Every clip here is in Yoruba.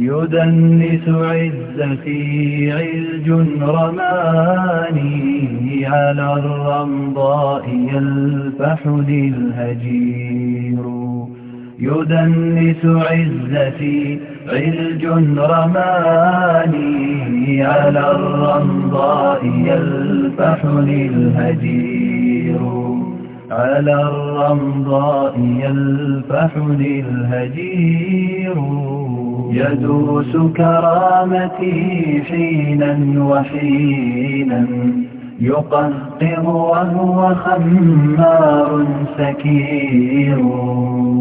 يدنس عزتي عز رماني على الرمضاء يلفح الهجير يدنس عزتي عرج رماني على الرمضاء يلفح الهجير على الرمضاء يلفحني الهجير يدوس كرامتي حينا وحينا يقطر وهو خمار سكير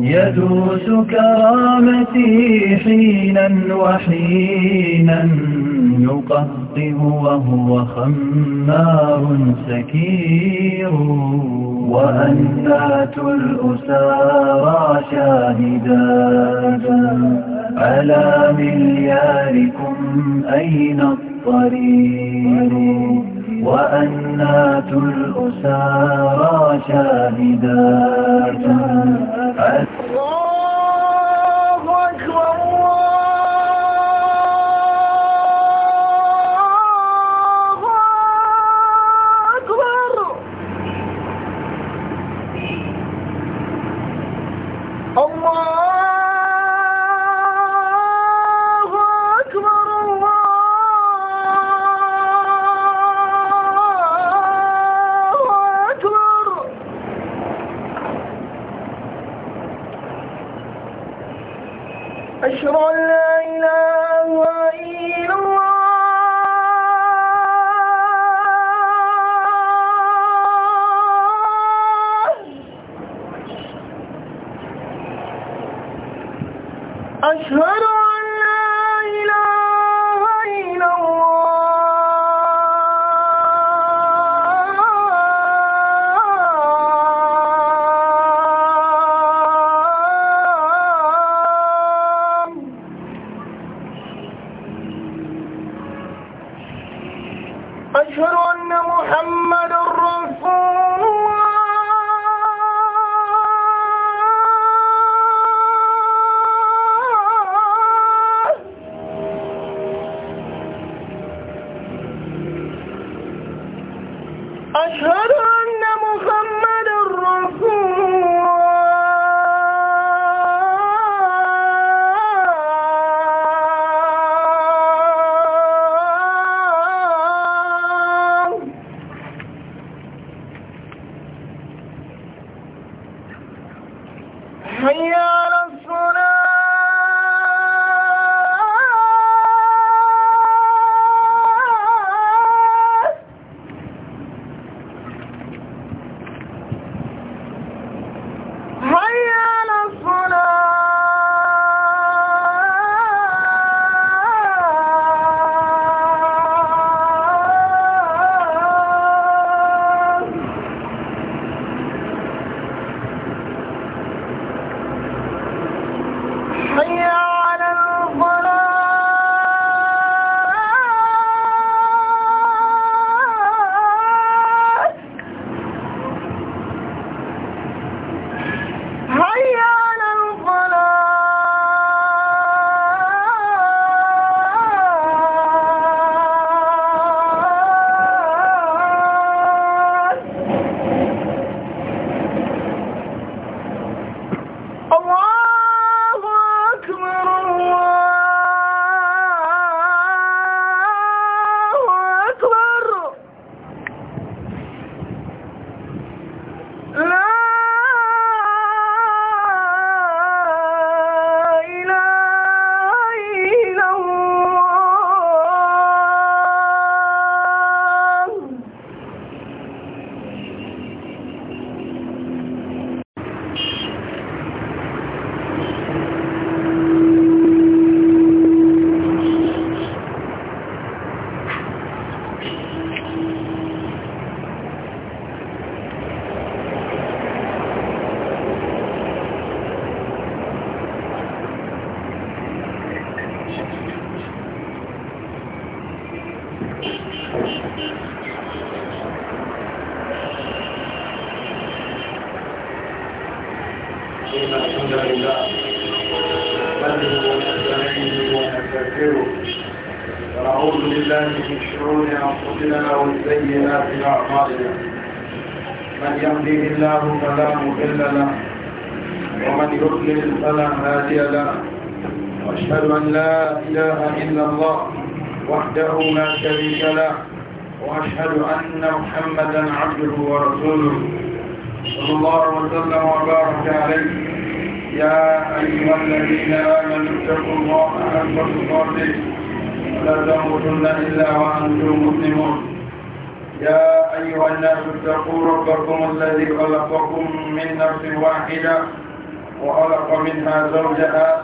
يدوس كرامتي حينا وحينا يقطر وهو خمار سكير وأنات الأسارى شاهدات على ملياركم أين الطريق وأنات الأسارى شاهدات A ton إلا الله وحده لا شريك له وأشهد أن محمدا عبده ورسوله صلى الله وسلم وبارك عليه يا أيها الذين آمنوا اتقوا الله حق تقاته ولا تموتن إلا وأنتم مسلمون يا أيها الناس اتقوا ربكم الذي خلقكم من نفس واحدة وخلق منها زوجها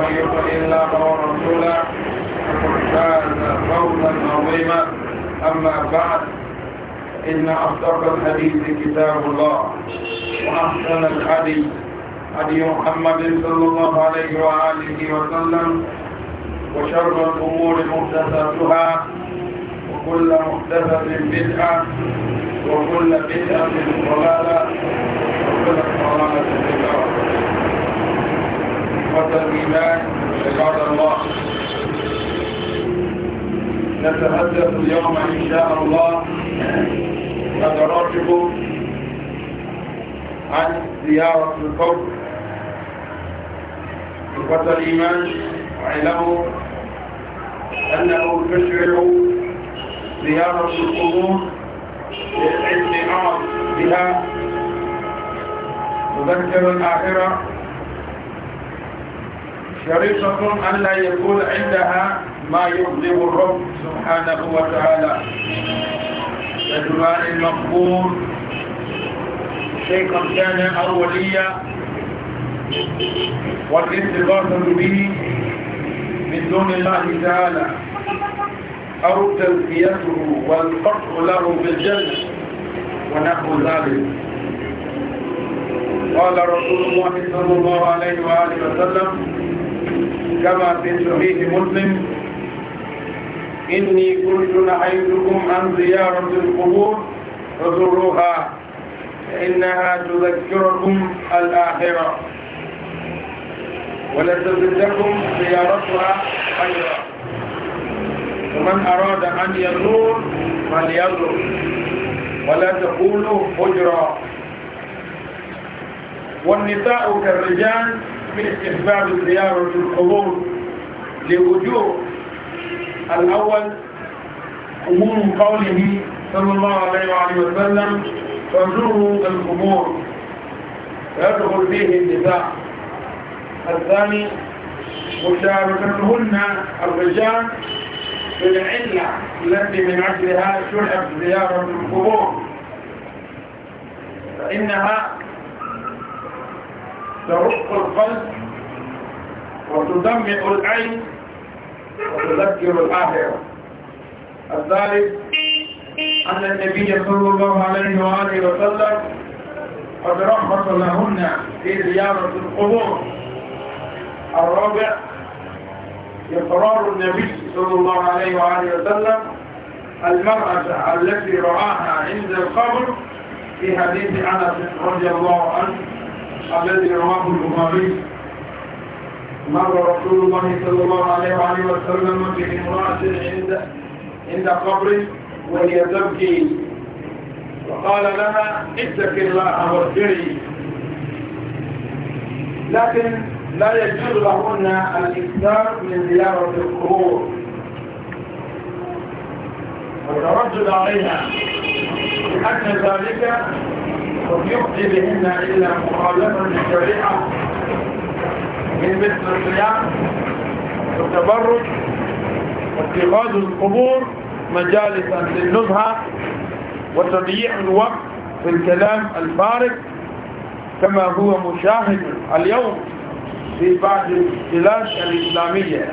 ومن يطع الله ورسوله فقد فاز فوزا عظيما اما بعد ان اصدق الحديث كتاب الله واحسن الحديث هدي محمد صلى الله عليه واله وسلم وشر الامور محدثاتها وكل محدثه بدعه وكل بدعه ضلاله وكل ضلاله بدعه إخوة الإيمان عباد الله نتحدث اليوم إن شاء الله نتراجع عن زيارة القبر إخوة الإيمان واعلموا أنه تشرع زيارة القبور للعلم أعظم بها مذكر الآخرة شريطة أن لا يكون عندها ما يغضب الرب سبحانه وتعالى كدعاء المقبول شيخا كان أوليا والاستغاثة به من دون الله تعالى أو تزكيته والقطع له بالجنة ونحو ذلك قال رسول الله صلى الله عليه وآله وسلم كما في صحيح مسلم إني كنت نهيتكم عن زيارة القبور فزروها فإنها تذكركم الآخرة ولتزدكم زيارتها خيرا ومن أراد أن يزور فليزور ولا تقولوا هجرا والنساء كالرجال من استحباب الزيارة للقبور لوجوه الأول عموم قوله صلى الله عليه وآله وسلم فزروا القبور يدخل فيه النساء الثاني مشاركتهن الرجال بالعلة التي من أجلها شرعت زيارة القبور فإنها ترق القلب وتدمع العين وتذكر الآخرة الثالث أن النبي صلى الله عليه وآله وسلم قد رخص لهن في زيارة القبور الرابع إقرار النبي صلى الله عليه وآله وسلم المرأة التي رعاها عند القبر في حديث أنس رضي الله عنه الذي رواه البخاري مر رسول الله صلى الله عليه وآله وسلم بامرأة عند عند قبره وهي تبكي وقال لها اتق الله وارجعي لكن لا يجوز لهن الإكثار من زيارة القبور والترجل عليها لأن ذلك لم يقضي بهن إلا مخالفة للشريعة من مثل الصيام والتبرج واتخاذ القبور مجالسا للنزهة وتضييع الوقت في الكلام الفارغ كما هو مشاهد اليوم في بعض البلاد الإسلامية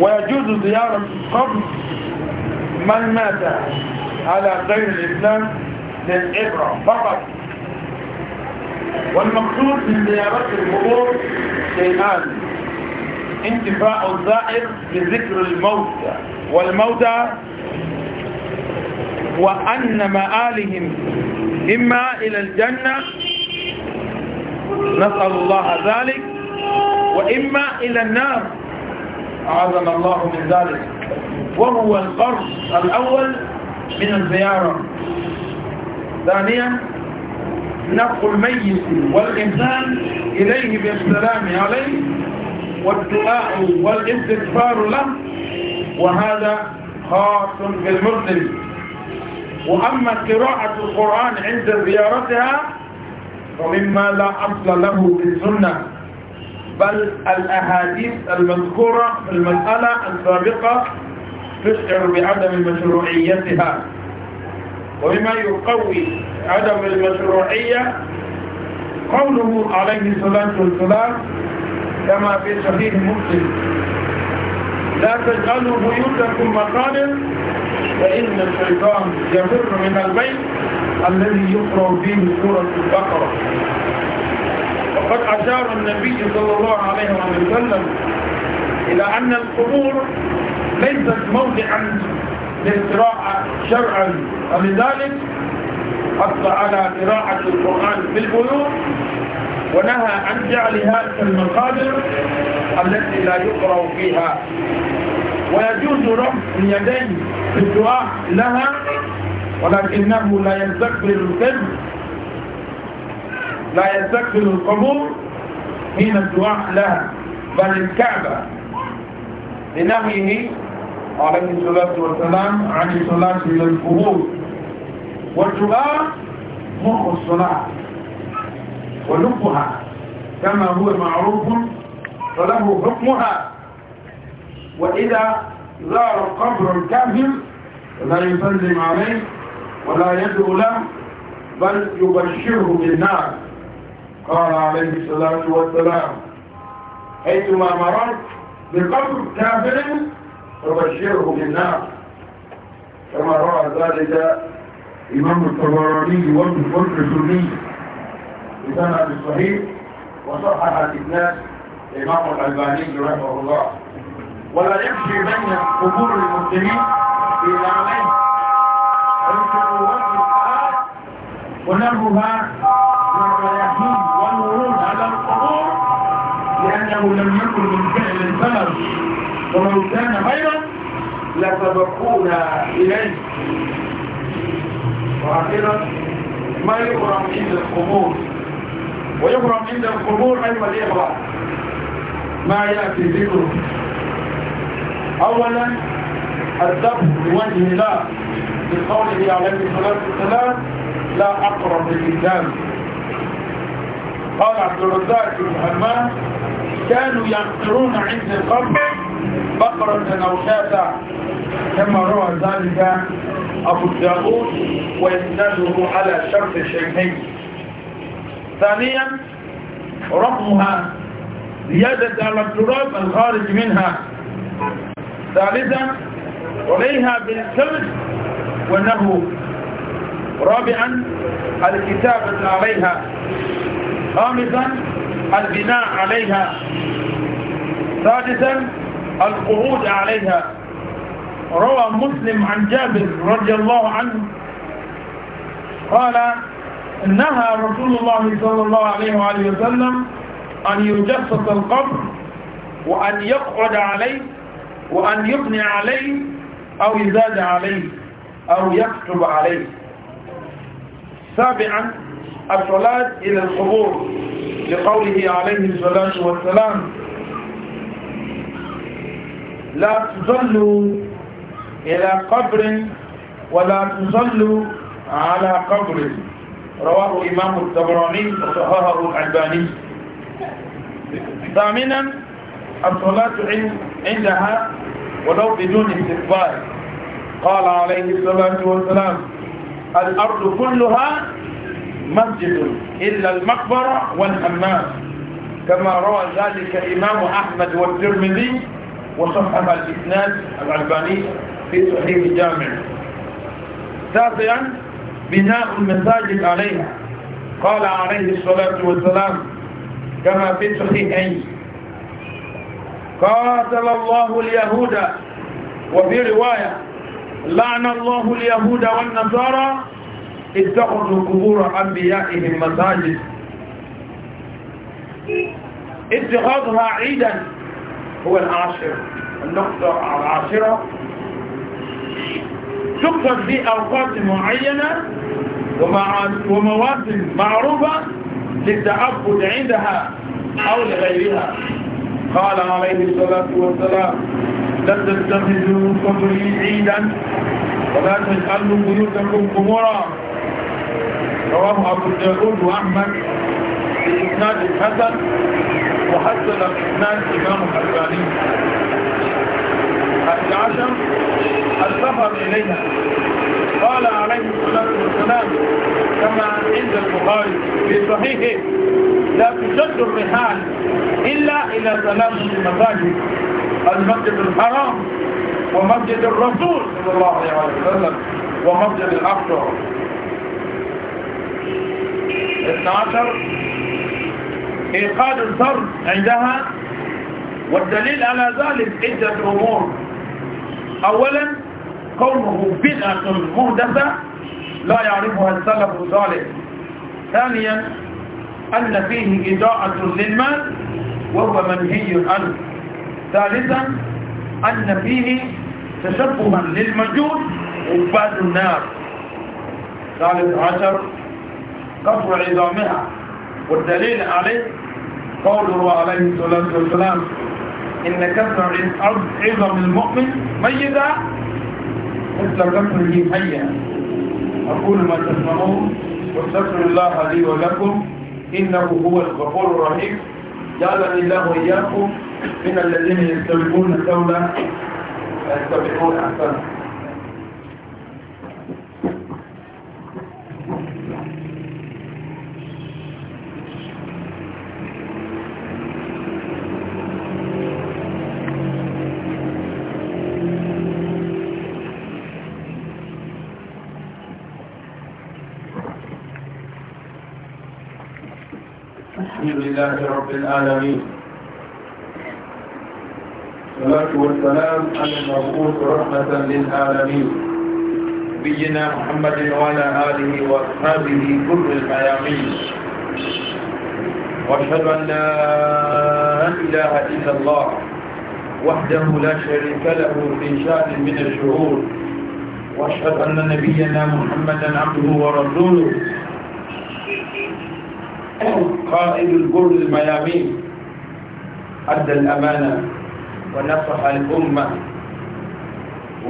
ويجوز زيارة قبر من مات على غير الإسلام للإبرة فقط والمقصود من زيارة القبور شيئان انتفاع الزائر بذكر الموتى والموتى وأن مآلهم إما إلى الجنة نسأل الله ذلك وإما إلى النار أعاذنا الله من ذلك وهو القرض الأول من الزيارة ثانيا نفع الميت والإنسان إليه بالسلام عليه والدعاء والاستغفار له وهذا خاص بالمسلم وأما قراءة القرآن عند زيارتها فمما لا أصل له في السنة بل الأحاديث المذكورة في المسألة السابقة تشعر بعدم مشروعيتها وبما يقوي عدم المشروعية قوله عليه الصلاة والسلام كما في صحيح مسلم لا تجعلوا بيوتكم مقابر فإن الشيطان يفر من البيت الذي يقرأ فيه سورة البقرة وقد أشار النبي صلى الله عليه وسلم إلى أن القبور ليست موضعا للقراءة شرعا ومن ذلك حث على قراءة القرآن في البيوت ونهى عن جعلها المقابر التي لا يقرأ فيها ويجوز رفع اليدين في الدعاء لها ولكنه لا يستقبل القبر لا يستقبل القبور حين الدعاء لها بل الكعبة لنهيه عليه الصلاة والسلام عن الصلاة إلى القبور والجماع مخ الصلاة ولبها كما هو معروف فله حكمها وإذا زار قبر الكاهن لا يسلم عليه ولا يدعو له بل يبشره بالنار قال عليه الصلاة والسلام حيثما مررت بقبر كافر فبشره بالنار كما روى ذلك إمام الطبراني والمفرد السني بسنة الصحيح وصحح الإسناد الإمام الألباني رحمه الله ولا يمشي بين قبور المسلمين في نعمين ونرها والرياحين والورود على القبور لأنه لم يكن من فعل البلد ومن كان خيرا لسبقونا إليه وأخيرا ما يغرم عند الخمور ويغرم عند الخمور أيوة الإغراء ما يأتي ذكره أولا الذبح لوجه الله بقوله عليه الصلاة والسلام لا أقرب للإنسان قال عبد الرزاق بن حماد كانوا ينقرون عند القبر بقرة أو شاة كما روى ذلك أبو داود ويسنده على شرط الشيخين ثانيا رقمها زيادة على التراب الخارج منها ثالثا عليها بالكبد وأنه رابعا الكتابة عليها خامسا البناء عليها ثالثا القعود عليها روى مسلم عن جابر رضي الله عنه قال نهى رسول الله صلى الله عليه وآله وسلم أن يجسس القبر وأن يقعد عليه وأن يبني عليه أو يزاد عليه أو يكتب عليه سابعا الصلاة إلى القبور لقوله عليه الصلاة والسلام لا تصلوا إلى قبر ولا تصلوا على قبر رواه الإمام الطبراني وصححه الألباني ثامنا الصلاة عندها ولو بدون استقبال قال عليه الصلاة والسلام الأرض كلها مسجد إلا المقبرة والحمام كما روى ذلك الإمام أحمد والترمذي وصحح الإسناد الألباني في صحيح الجامع تاسعا بناء المساجد عليها قال عليه الصلاة والسلام كما في صحيحين قاتل الله اليهود وفي رواية لعن الله اليهود والنصارى اتخذوا قبور أنبيائهم مساجد اتخاذها عيدا هو العاشر النقطة العاشرة تقصد في أوقات معينة ومواسم معروفة للتعبد عندها أو لغيرها قال عليه الصلاة والسلام لا تتخذوا قبري عيدا ولا تجعلوا بيوتكم قبورا رواه أبو داود وأحمد بإسناد الحسن وحسن الإسناد إمام الألباني الحادي عشر السفر إليها قال عليه الصلاة والسلام كما عند البخاري في صحيحه لا تشد الرحال إلا إلى ثلاث مساجد المسجد الحرام ومسجد الرسول صلى الله عليه وسلم ومسجد الأقصى 12 إيقاد الفرد عندها والدليل على ذلك عدة أمور أولا كونه بدعة مهدثة لا يعرفها السلف الصالح ثانيا أن فيه إضاءة للمال وهو منهي عنه ثالثا أن فيه تشبها للمجود عباد النار ثالث عشر قطع عظامها والدليل عليه قوله عليه الصلاة والسلام إن كسر عظم المؤمن ميتا مثل كسره حيا أقول ما تسمعون واستغفر الله لي ولكم إنه هو الغفور الرحيم جعلني الله وإياكم من الذين يستبقون الدولة يستبقون أحسنه لله رب العالمين الصلاة والسلام على المبعوث رحمة للعالمين نبينا محمد وعلى آله وأصحابه كل الميامين وأشهد أن لا إله إلا الله وحده لا شريك له في شأن من الشهور وأشهد أن نبينا محمدا عبده ورسوله قائد الجر الميامين أدى الأمانة ونصح الأمة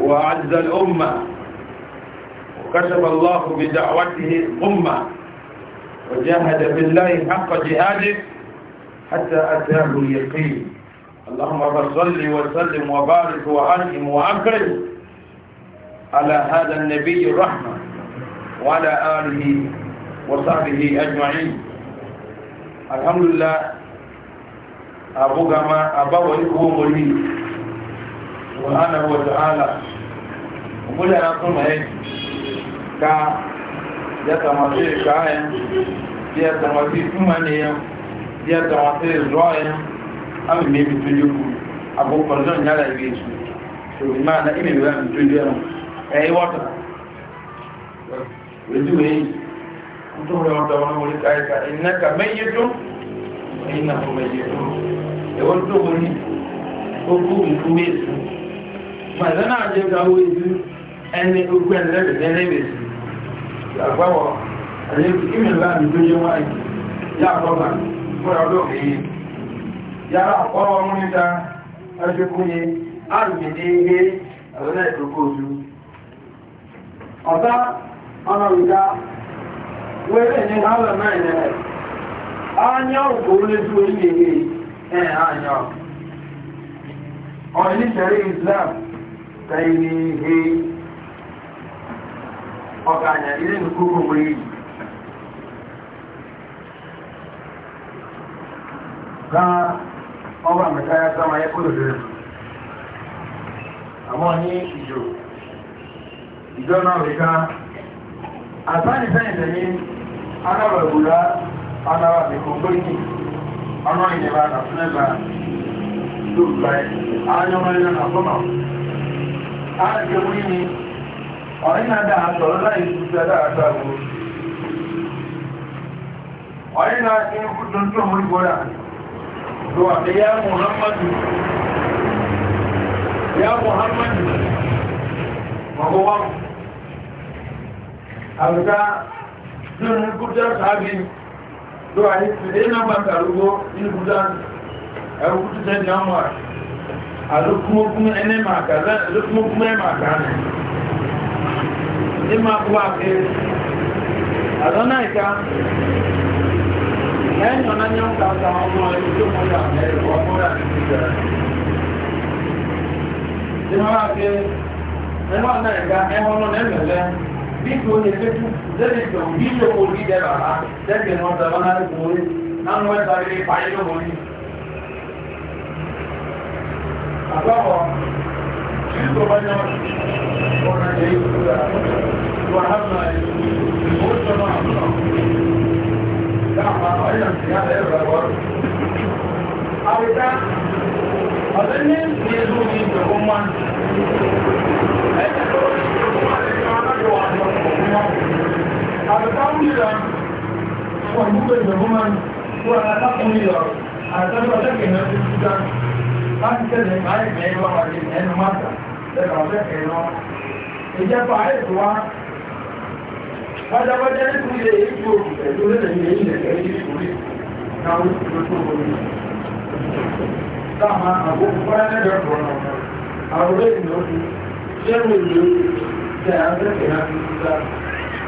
وأعز الأمة وكسب الله بدعوته الأمة وجاهد بالله حق جهاده حتى أتاه اليقين اللهم صل وسلم وبارك وأنعم وأكرم على هذا النبي الرحمة وعلى آله وصحبه أجمعين alhamdulillah abúgama àbáwọlé owó mọ̀lí subhanahu wa ta'ala múlẹ̀ akúnmọ̀ ẹ̀ ká yàtàmọ̀sí ìka ẹ̀ yàtàmọ̀sí ìfúnmọ̀ni ẹ̀ yàtàmọ̀sí ìzọ́ ẹ̀ amìmí ibi tó yókù àbúkọ̀ náà nyára ìwé èso ṣòwò máa na ìmìmí wà mí tó yókù ẹ̀yìn wọ́tà ojú wẹ̀yìn nítorí ọ̀dọ̀ wọn wọlé káyíká ìnáka mẹ́yẹ́dọ́ ẹ̀yìn àpò mẹ́yẹ́dọ́ ẹ̀wọ́n tó wọlé ogú ìfúwé èsù màdá náà jẹ́ káwó èsù ẹni ogú ẹ̀lẹ́bẹ̀ẹ́lẹ́bẹ̀ẹ́sì àgbáwọ̀ àyẹ̀kú kí mi láàmì tó ya wáyé yá àkọ́bà fúnra ọdọ́ ihe ọ̀tá ọ̀nà wẹ́rẹ́ ní hálà náà rẹ̀ ányá òkú lójú orílẹ̀-èdè ẹ̀ ányá ọ̀rẹ́ nítorí islam tẹ́lẹ̀ ihe ọ̀gáyà ilé nìkúkú wé yìí ká ọba mẹ́tayá sáma yẹ kúrò lórí àwọn ní ìjọ ìjọ náà rí ká àtàrí sáyẹ̀tẹ̀ Ana Ana Ana anára ìwúra anára ìkọ̀gbẹ́yìn ọ̀nà ìjẹba àtàfẹ́lẹ́bà lóògbà ayọ́mọ́lẹ́nà àfọ́mà áàkẹ́wí ni ọ̀rìnàdà àtọ̀rọ̀ láì ìsúgbẹ́dà àtàwò ọ̀rìnà ìrùkú tuntun mú ìgbọ́ra lọ àdíyá muhammadu ya muhammadu mọ̀gbọ́n àbúkà nínú gúdán sáàbí ló wà ní ṣe iná máa kàrúgbó nínú gúdán ẹgbùkútù tẹ́ jẹ́ ọmọ àlókùnmókún ẹni máa kà ní ní máa kú àpé àlọ́nà ìka ẹ̀yìn ọ̀nà ní ọ̀gá àtà ọmọ ẹni tó mọ́ yà mẹ́rin ọmọ rà ní ìjẹrẹ Ìmọ̀ràn pé ẹgbọ́n náà ìgbà ẹwọ́n náà ẹ̀mẹ̀lẹ́ الفيديو ان الفيديو ده التوجيه يقول لي ده بقى ده كان هو ده انا بقول انا ولا بعمل ايه فاعله بقول لي اطلع شنو بقى انا وانا جاي وهبنا الموضوع ده àtàkùnlélà wọ́n gbogbo ìgbẹ̀gbọ́mọ́ wọ́n àtàkùnlélà àtàkùnlélà ti ṣúgbà láti tẹ́lẹ̀ àìkẹ́ ìwọ̀n àti ẹnu máta lẹ́gbàá fẹ́kẹ̀ẹ́ lọ ìjẹ́pà àìkúwá Bájábájá nínú ilé ìgbò pẹ̀lú lẹ́lẹ̀ ilé ilẹ̀ ẹ̀rí ìṣòrí náà ó ti tó tó borí. Táàmà àgbókù bá lẹ́gbẹ̀ẹ́ ọ̀rọ̀ náà, àwọ̀rẹ́ ìlú ṣẹ́rù ìlú ṣẹ́ àjẹ́kẹ̀ẹ́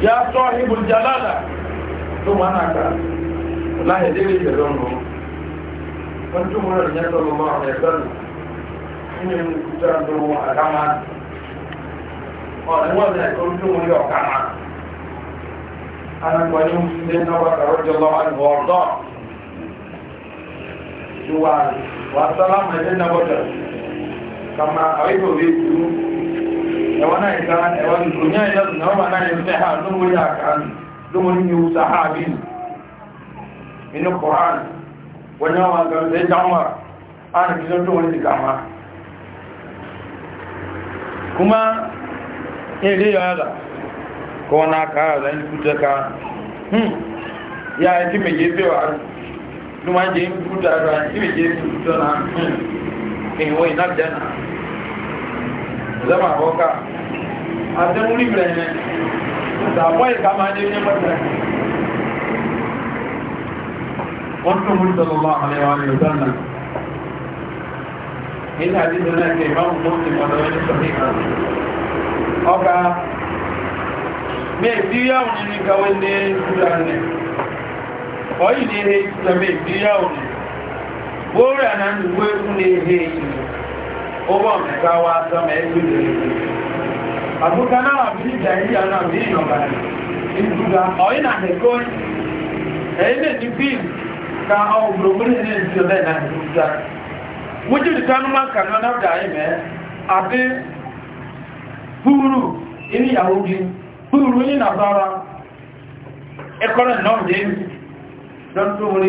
يا صاحب الجلالة ثم أنا والله يدري بدونه كنت من النبي صلى الله عليه وسلم من كتابه أكما قال هو ذا كنت من يعكما أنا كنت سيدنا بكر رضي الله عنه وارضاه والسلام سيدنا بكر كما أعيد به ẹwà ìta náà wà náà ha lówó yà kan lówó ní ìwú sàhábì inú koran wọ́n yà wà gan ṣe dáwà á wọ́n ti kàmá kuma ilé yàrá kọ́ wọn náà kára ká pé wà ló jẹ́ rẹ̀ náà zama aboka a zan wuri birane samuwa ya kama ne ne mata wasu musallallahu alaihi wa sallam ina hadisu na ke imamu musulmi wanda wani sahiha ọka mai biya wani ni kawai ne kula ne ọyí ne he islamai biya wani bóòrè àná ìwé ń lè he ìlú owó ọ̀mẹ́ta wá sọmọ ẹgbẹ́ ìrìnlẹ̀ àbúkà náà bí ìjà ìyá náà bí ìyànbá ìdúgà ọ̀yìn àdẹ́kọ́ ẹ̀yìn lè ní bí ka ọ̀gbọ̀n múlẹ̀ ní ìjọ lẹ́nà ìdúgà wójú ìdánumá kanáà náà dà í àbí búrú inú ìyàwó bí búrú ní nàbára ẹkọ́rẹ̀ náà dé lọ́tún orí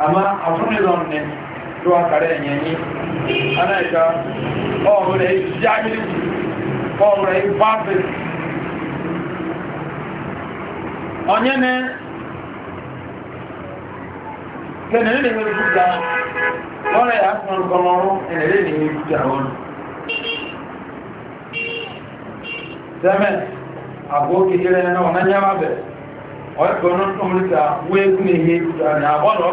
amma abun ne zon ne zuwa kare yanyi ana ita ọmọ rẹ̀ jami'in ọmọ rẹ̀ báfẹ́ onye ne kẹ́nẹ̀ẹ́ lè mẹ́rin gúgbà lọ́rẹ̀ àkùnrin kọmọrún ẹ̀rẹ́ lè mẹ́rin gúgbà wọn sẹ́mẹ̀ àbókè jẹ́rẹ̀ náà wọ́n náà yá wá bẹ̀ ọ̀ẹ́kọ̀ọ́nà tó mú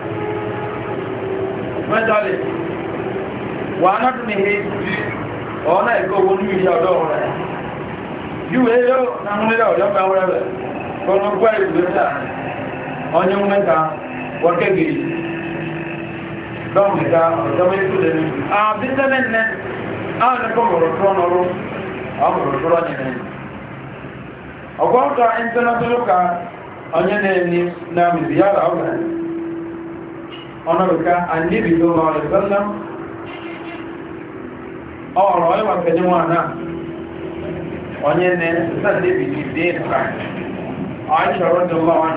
mẹ́tọ́lẹ̀ wà nọ́tún ní he ọ̀nà ẹ̀kọ́ owó ní ìyá ọ̀dọ́ rẹ̀ yíwẹ̀ yóò náhúnlẹ̀ ọ̀dọ́ mẹ́wọ́rẹ́ rẹ̀ kọ́nà gbọ́ ìrùlẹ́ta ọ̀nyẹ́ mẹ́ta wọ́kẹ́gìrì lọ́mùta ọ̀dọ́mẹ́tọ́lẹ̀ ọ̀gbọ́n ka international car onye na-enye na mbiara ọgbọ̀n ọ̀nàrùká àníbì tó máa rẹ̀ sọ́lá ọ̀rọ̀ ẹwà pẹ̀lú wọn náà onye ne sàdébì ti dé ìfà ọ̀ṣọ̀rọ̀ tó bá wọn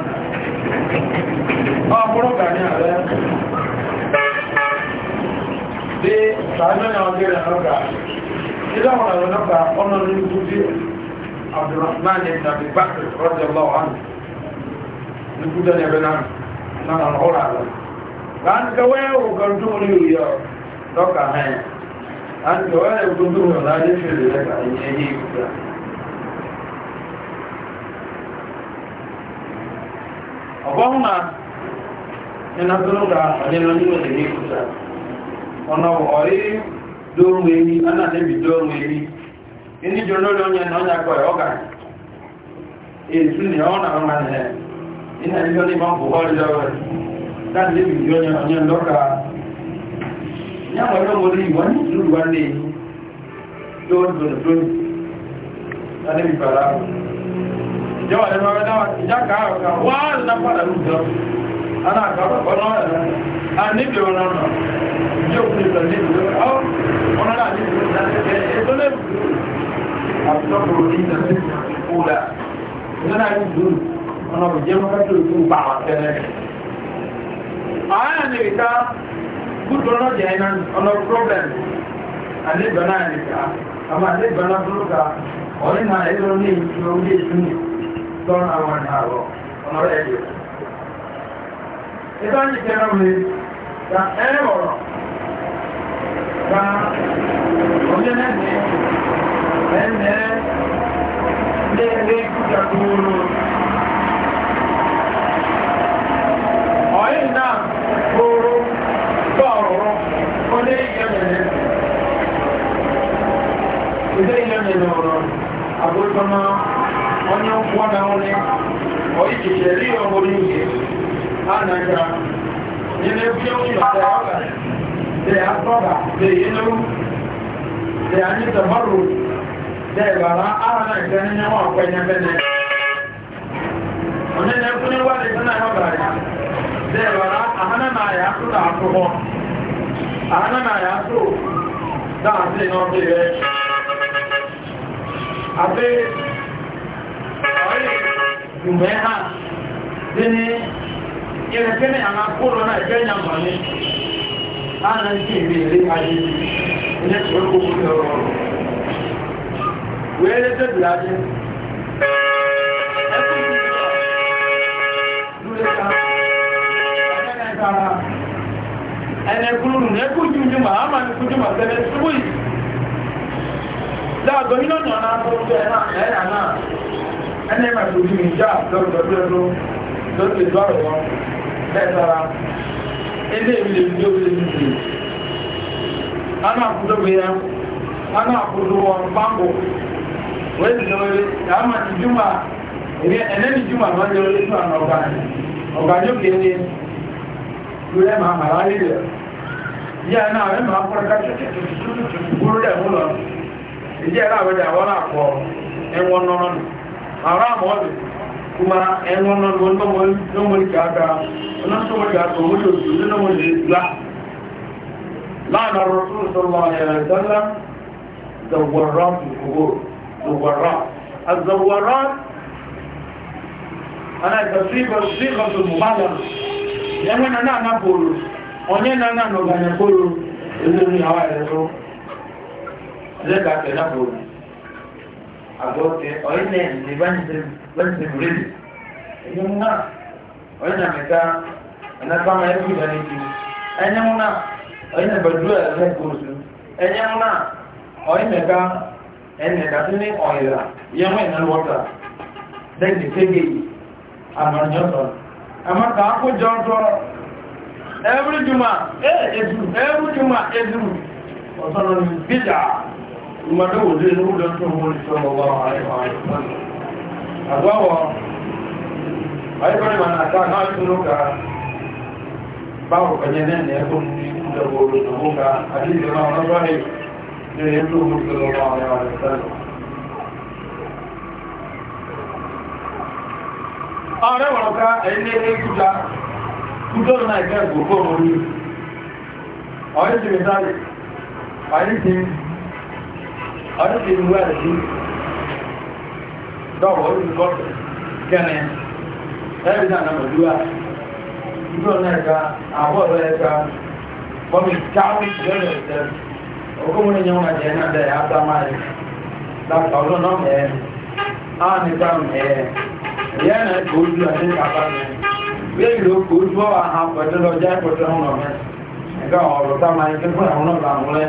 ọ̀pọ̀rọ̀ kà ní ààrẹ bí sàájọ́ ní ọjọ́ ìrìn àrọ́gà ilé ọ̀rọ̀ ẹ̀rọ náà ọ̀nà ní gúdí abdulrahman ibn abi bakr rọ́jọ́ lọ́wọ́ ní gúdí ẹ̀rọ kan kawe o kan ni yo ka he an kawe o tu tu na de shi de ka ni ni ka obona ina tulu da ani lo ni de ni ku sa ona o ri do we ni ana de bi do we ni ini jono lo nya no nya ko o ka e ni ona ma ne ina ni ni ma bu ba da wa láti lébì ìjọ yẹn lọ́ka ní àwọn ọlọ́wọ́ orí ìwọ́n ní ìlú wá lè lọ́wọ́ ìbọ̀lẹ̀ tó ní lálébì bàrá ìjọwà lẹ́mọ́ ìjákà àkà wá lápàdà lóòjọ́ ana àkàbà ọ̀nà ọ̀rẹ́ a níbi ọ̀nà ọ̀nà ìjọ òkú ìbọ̀lẹ̀ ọ̀nà ọ̀nà ìjẹ́ mọ́kàtí òkú bàwà tẹ́lẹ̀ ọ̀hán àmìríkà gúdù ọlọ́jà iná ọ̀nà problem àlébẹ̀lá àmìríkà àmà àlébẹ̀lá búrúkà ọ̀rẹ́ na ẹ̀rọ ní ìjú orí ìsúnì lọ́rùn àwọn àrọ̀ ọ̀nà rẹ̀ yìí ìbá ní kẹrọ mi ka ẹ̀rọ̀rọ̀ ka ọjọ́ mẹ́rin ẹ̀mẹ́ lé ẹgbẹ́ ìkúta tó ಇದರಿಂದನೇನವರು ಅಗುಲ್ಪನ onye ụkwụ na-awụnye ọichiche ri ya ọgbụrụ ihe a na-aga nye na-ebuje ụlọ ya ọga dị akọba dị ilu dị anyị tabaru dị bara ara na-ete n'inye nwa akwenye mene onye na-ekwunye ngwa dị na ya ọgara ya dị bara ahana na ya atụ na atụhọ ahana na ya atụ na-asị n'ọbịa abẹ́ ọ̀rẹ́ ìgbẹ́ ha dí ní ìrẹ̀kẹ́ ní àwọn akóró náà ẹgbẹ́ ìyàmọ̀ ní ààrẹ sí ìrẹ̀ ìrẹ̀ ayé ilẹ̀ tí ó kó kú lọ́rọ̀ wẹ́rẹ́ tẹ́bù láti ẹkùn ìjọba lúrẹ́ta ẹnẹ́kùnrin ẹkùn jùmọ̀ àmà ní kùjùmọ̀ tẹ́lẹ̀ síbú yìí na láàgbọ́ iná nà náà tó jẹ́ ẹ̀rà náà ẹni ẹ̀mà tó fi ìjà lọ́rọ̀dọ́dọ́dọ́ lókè lọ́rọ̀ wọn lẹ́tara ilé ìwé ìjọ ilé ìjọ ana àkúdó bẹ ya ana àkúdó wọn pàǹgò wọ́n ti lọ rí àmà ti júmà ẹ̀nẹ́ni júmà lọ́n jẹ́ orí fún àwọn ọ̀gá ọ̀gá yóò kéde lórí ẹ̀mà àmàlà rí rẹ̀ yíya náà ẹ̀mà akọ́rẹ́ká kẹ́kẹ́ tó ti tó ti tó ti kúrú rẹ̀ mú lọ ìdí ẹ̀rọ àwẹ̀dẹ̀ àwọn àpọ̀ ẹwọ́n nọ́nà nù àwọn àmọ́ ọ̀dẹ̀ kuma ẹwọ́n nọ́nà wọn lọ́mọdé kàákà ọlọ́mọdé kàákà òmùdí òjò lọ́mọdé gbá láàrín arọ́sùn sọ́lọ́ ẹ̀rẹ̀dọ́lá zọ̀wọ̀rọ̀ zọ̀wọ̀rọ̀ azọ̀wọ̀rọ̀ ana ìtọ̀síkọ̀ sí ọ̀tọ̀ mọ̀bálà ẹwọ́n náà náà bòrò ọ̀nyẹ́ náà náà lẹ́ka kẹ̀ náà bò ó àgọ́ kẹ ọ̀yìn náà ní báyìí mú rèé ẹ̀yẹ mú náà ọ̀yìn náà mẹ́ta ẹ̀nà sáma ẹ̀kú ìdá ní ti ẹ̀yẹ mú náà ọ̀yìn náà bẹ̀rù ẹ̀ lẹ́kọ̀ọ́ oṣù ẹ̀yẹ mú náà ọ̀yìn mẹ́ta ẹ̀yìn mẹ́ta sí ní ọ̀yìnlá ìyẹn mú ẹ̀nà wọ́tà dẹ́gbẹ̀ kéde àmàlẹ́yọ̀tọ̀ ọ̀tọ̀ every juma every juma every ọ̀tọ̀ lọ́nà bíjà ìmọ̀lẹ́wò lé lóòdó tó mú ní sọ́lọ̀ wà àgbáwọ̀ ayébáyé ma nàta náà tún ló ka báwọ̀ kanyẹ náà ní ẹkùn ní ìdàgbò olóògbò ka àdíjẹ̀ máa wọ́n bá rẹ̀ lè ló mú sọ́lọ̀ wà ààrẹ wọ̀n ká ẹni ní kúta kútó náà ìkẹ́ ìgbòkó orí ọ̀rẹ́ ti mẹ́ta àyíkì ọdún tí ìlú ẹ̀rẹ̀ sí dọ́wọ́ olùkọ́ kẹ́ni ẹ̀rí náà nàmọ̀ ìlú à ìlú ọ̀nà ẹ̀ka àbọ̀ ọ̀rọ̀ ẹ̀ka fọ́mì táwọn ìjọ́lẹ̀ ọ̀tẹ́ ọgọ́mọ̀nì yẹn wọn jẹ́ náà dẹ̀ ata máa yẹ láta ọ̀rọ̀ náà mẹ́ ẹ̀ á nípa mẹ́ ẹ̀ ẹ̀yẹ́ náà kò ojú àti kàkà mẹ́ bí èlò kò ojú ọ̀ àhàn pẹ̀lú ọjà ìpọ̀tẹ́ ọ̀nà mẹ́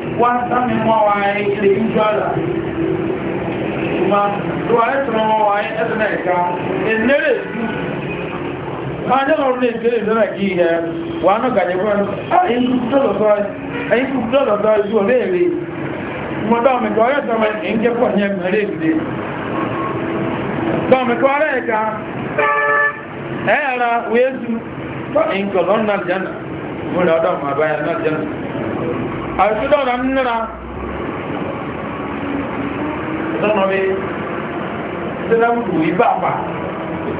one something more why in the usual ma to a ẹsùn wọn wà ní ẹsùn ẹ̀ka ìnẹ́rẹ̀ ìlú máa jẹ́ lọ́rùn ní ìgbèrè ìlúrẹ̀ kí ihe wà ní gàdé fún ẹ̀yìn kúrọ̀lọ́dọ́ ìlú ọ̀rẹ́rẹ́ mọ̀dọ́ mẹ́kọ̀ ọ̀rẹ́ sọmọ ìjẹ́pọ̀ ní ẹgbẹ̀rẹ́ ìgbèrè dọ́mẹ́kọ̀ ọ̀rẹ́ ẹ̀ka ẹ̀yàrá wẹ́ẹ́sù tó ìkọ̀lọ́ àìsídọ̀ ọ̀nà nínúra ìtọ́nà bí ìtẹ́lẹ́mùtù ìbá àpà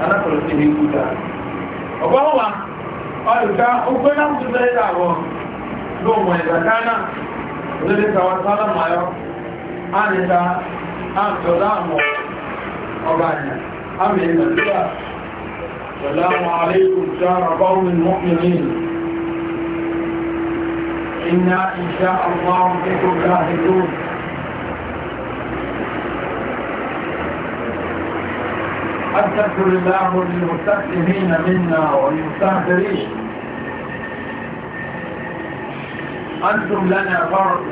anákọ̀ọ́lọ́ sí ní ìgbúta ọ̀gbọ́n wa ọ̀lùká ogbé náà tó tẹ́lẹ̀ àwọ̀ lóòmù ẹ̀dà káná olóde إنا إن شاء الله بكم لاهدون الحمد لله للمستسلمين منا وللمستهدرين أنتم لنا فرض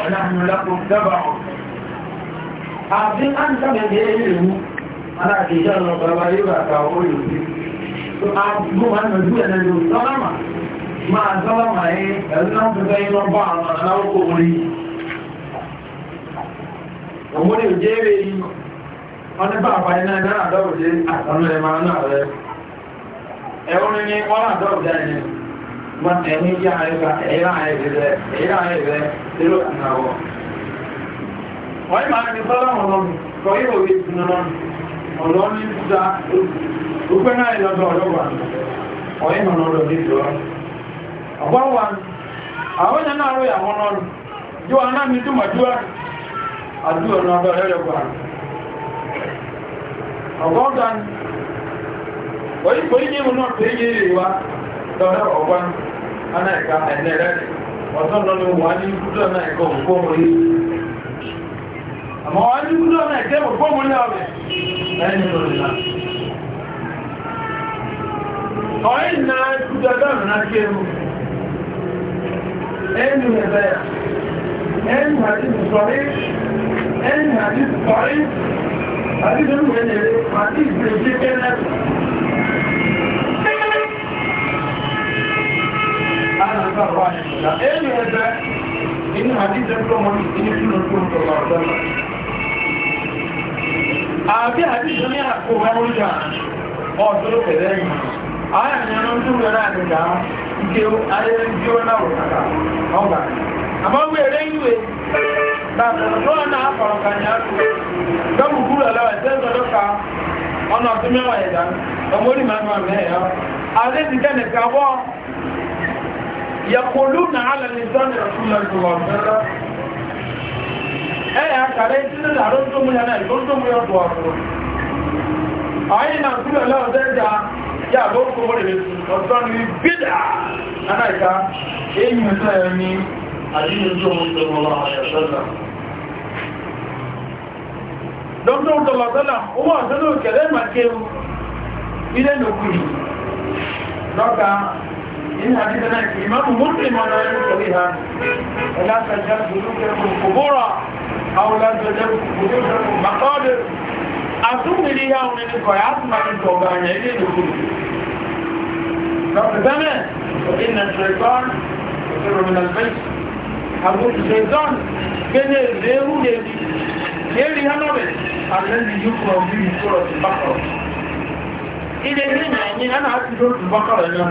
ونحن لكم تبع أعطي أنت من يعلم أنا أتجرب ربا يبقى أقول أعطي أنت من يعلم máa sálámà yìí pẹ̀lú náà tó fẹ́ iná bá àwọn aláwọ̀ orí òun ni òjèrè yìí wọ́n ní bàbá iná náà dọ́wọ̀dé àtàlù ẹ̀ máa náà rẹ̀ ẹ̀wọ́n ní wọ́n náà dọ́wọ̀dé ẹni wọ́n ẹ̀mí yá ẹ̀ka ẹ̀yà ẹ̀rẹ̀ ẹ̀yà ẹ̀rẹ̀ lérò àtàwọ̀ wọ́n ní máa ní sálámà lọ́nù kọ́ yóò rí ìsinmi lọ́nù ọ̀rọ̀ ní ìdá ó pẹ́ náà ìlọ́dọ̀ ọ̀dọ́ wà ọ̀yẹ́ mọ̀ lọ́dọ̀ ní ìdọ́ ọgbọ́nwa àwọn yẹn náà ròyìn àwọn ọ̀rọ̀ jọ anáàmì tó màdúwà àdúwà ní ọdọ̀ ẹ̀rẹ̀gbà ọgbọ́ndan oríkòrí ní ìwọ̀n náà tẹ́ yé ìwá lọ́rẹ́ ọgbọ́n anáìka ẹ̀nẹ̀rẹ̀ ọ̀tọ́ lọ́nà náà ẹ̀kọ́ náà kí ẹ̀rù قالوا يا بايع قالوا حديث صحيح قالوا حديث ضعيف حديث انه حديث زي كده انا هقرا قالوا ان حديث ده كله مش كده كله الله àti àdíjọ ní àkókò ẹwọ́n jà ọ̀tọ́lọ́pẹ̀lẹ́yìn ààrẹ ìyẹn ló ń túnbẹ̀ láàrin ìdáhùn ike ayẹyẹ tí ó náà wòtàkà ọgbà àmọ́ wèrè ìwé náà náà fọ̀rọ̀ kànyà tó gbẹ́mù kúrò lọ́wọ́ ẹ̀sẹ̀ ìsọdọ́ ka ọ̀nà ọ̀tún mẹ́wàá ẹ̀dá ọmọ orí màá máa mẹ́ẹ̀ yọ. adé ti kẹ́ nìkan wọ́ yẹ̀kọ̀lù náà alẹ́ ní sọ́ọ̀nì ọ̀túnlẹ̀ tó wọ̀ ọ̀tẹ́lẹ̀ ẹ̀yà kàrẹ́ ìdílé àrọ́ńtó mu yẹn náà ìgbóńtó mu yẹn tó ọ̀tún yà bó kó rẹ̀ ọ̀tọ́ ní bídà aláìka èyí mẹ́ta ẹ̀ ní àdínú tó mú tó mọ́ àyàtọ́lá dọ́tọ́ ọ̀tọ́lá owó àtọ́lá kẹlẹ́ màkéwù ilé lókùnrin lọ́ka إن حديثنا الإمام مسلم ولا يشبهها ولا تجد ذلوككم قبورا أو لا تجد ذلوككم مقابر àtúnmìlì yá wọn ní kọ̀ yá tún máa ń tọ̀ ọ̀gá àyàn ilé ìlú kúrò. Dọ́kítẹ́mẹ̀ ìnà ṣẹ̀tọ́n ìròmìnà fẹ́ẹ̀sì. Àwọn ṣẹ̀tọ́n gbẹ́lẹ̀ léwu lèbi. Léèrè Hánọ́bẹ̀ àlẹ́lì yóò kọ̀ bí ìṣòro ti bákọ̀rọ̀. Ilé ní ìyẹn náà ti ló ti bákọ̀rọ̀ náà.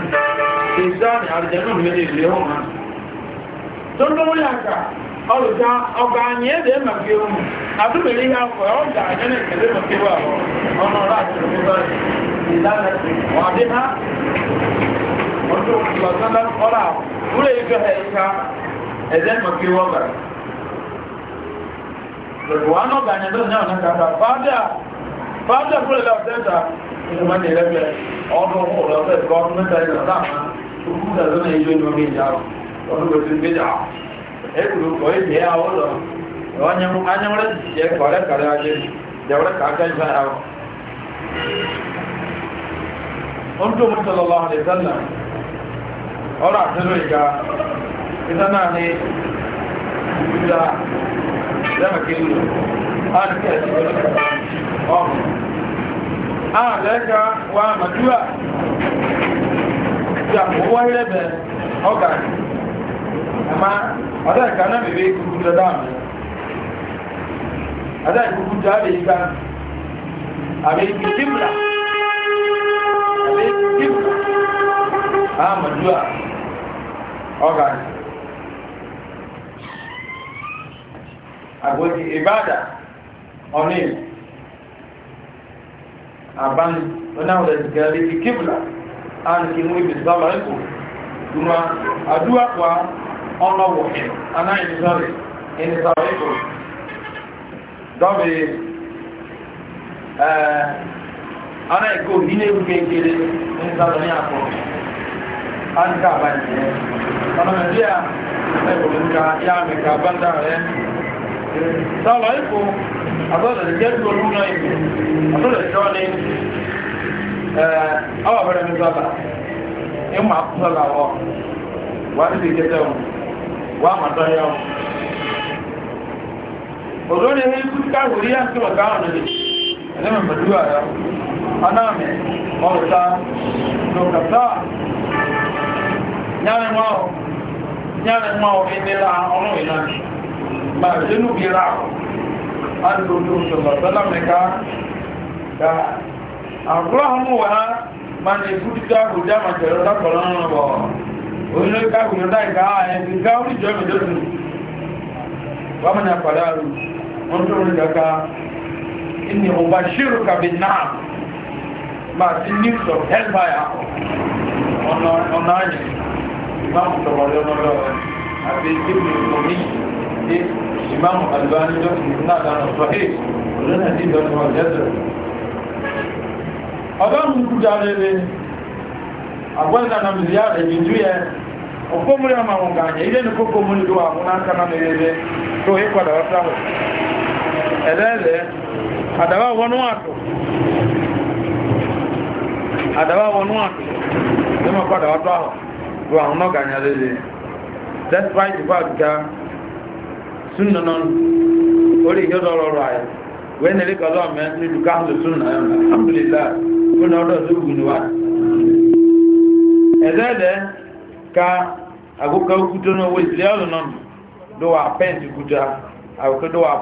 Ṣèjọ́ ni àrùjẹ́ náà mẹ́lẹ̀ léwu náà. Tó lówó yàtà ọlùdá ọba anyị eze maka ewu àdúgbèrè ihe afọ ọ ga-anya na ekele maka ewu ahụ ọnụ ọrụ atụrụ ụzọ ìlànà ọ dị ha ọdún lọsọdọ ọrụ ahụ ụlọ ego ha ihe eze maka ewu ọbara lọdụ anọ ga-anya dọdụ ya ọnaka aka fada fada kwụrụ ịla ọsẹta ìgbìmọ̀ na ẹlẹ́bẹ̀ ọdún ụlọ ọsẹta ọdún mẹ́ta ìlọ sáà ọdún mẹ́ta ìlọ sáà ọdún mẹ́ta ìlọ sáà ọdún mẹ́ta ìlọ sáà ekuru kɔ ebi ya wo lɔ ɔnyɛmu anyɛmɔlɛ titi yɛ kɔ ɔlɛ kari adi dɛwɔlɛ kaka yi fara o ŋutɔ mu sɔlɔ lɔ ɔlɛ sɛlɛ ɔlɔ atɛlɛ yi ka ìsáná ni ìgbìlá lẹ́mẹ̀kẹ́ lò áàrẹ́kẹ́ ẹ̀sìn olókàtà ọ̀hún áàrẹ́kẹ́ wa màdúrà tí a kò wáyé lẹ́bẹ̀ẹ́ ọ̀gá àmá ada ìkànnà bèbè ìkùkù dada àmì ada ìkùkù jáde ìgbà àbí ìkìkìmla àbí ìkìkìmla àmàdúà ọ̀gá àgbòdì ìbádà ọ̀nì àbáni onáwọ̀lẹ̀ ìgbẹ̀rẹ̀ ìkìkìmla àti ìwé ìbìsọ́lọ̀ ẹ̀kọ́ ìwọ̀n àdúà pọ̀ honor worship. And now in Israel, in Israel, dọ́bì ara ìgò nílé gbẹ̀gbẹ̀rẹ̀ ní ìsàlọ̀ ní àpọ̀ áńkà báyìí ọ̀nà nàìjíríà ẹgbẹ̀rẹ̀ ya mẹ́ka báńdà rẹ̀ sọ́lọ̀ ikú àtọ́lẹ̀ jẹ́ lórí náà ìgbẹ̀ àtọ́lẹ̀ jọ ní ọwọ́ bẹ̀rẹ̀ mi sọ́lá ìmọ̀ àkúsọ́lá wọ́n wà níbi ìjẹ́jẹ́ wọn wà màtọ́ yá o olórí ẹni kú káàkiri yá sí ọ̀gá ọ̀nà lè ẹni mọ̀ pẹ̀lú àyà anáàmì ọ̀ta lọ́kàtà nyàrin wá o nyàrin wá o ẹni la ọ̀nà ìlà mà ẹnu bí ra o alùpùpù sọ̀tọ̀ sọ́lá mẹ́ka ka àkúrà hàn wà olóríkàkùn náà dáìka ẹ̀sìn ká ó nìjọ́ ìjọ́sìn wọ́n mọ̀ ní àpàdé àrùn wọ́n tó rí dọ́ka inni ọba ṣírù kàbí náà máa ti news of hellfire ọ̀nà ààyè ìmáàmù tọ̀wọ̀lẹ́ ọlọ́lọ́ àti ìgbìmọ̀ ìkòmí ní ìmáàmù àlùbáni lọ́sìn náà dáná sọ hey olóńgbà tí ìdọ́nà ọ̀jẹ́ sọ̀rọ̀ ọ̀dọ́ mi kú dáre rẹ̀ agbọ́nà na mìí ya rẹ̀ jù yẹ ọkọ́mùrí ọmọ àwọn gànyẹ ilé ní kókó mú nílò àwọn náà na mẹ́rẹ̀ẹ́rẹ́ tó yí padà ọ́sáwọ̀ ẹ̀lẹ́ẹ̀lẹ́ àdàwà wọnú àtọ̀ àdàwà wọnú àtọ̀ tí wọ́n padà ọ́tọ́ àwọ̀ tó àwọn náà gànyẹ lélẹ̀ despite the fact that sunna náà orí ìjọ́dọ̀ ọ̀rọ̀ ayé wẹ́n nílé kọlọ́ọ̀mẹ́ nílùú káàlù sunna alhamdulillah kó náà ọdọ̀ sí ògùn níwájú e ka àkókò kútó náà wọ́n ìsìlẹ̀ ló wà pẹ́ǹtì ló wà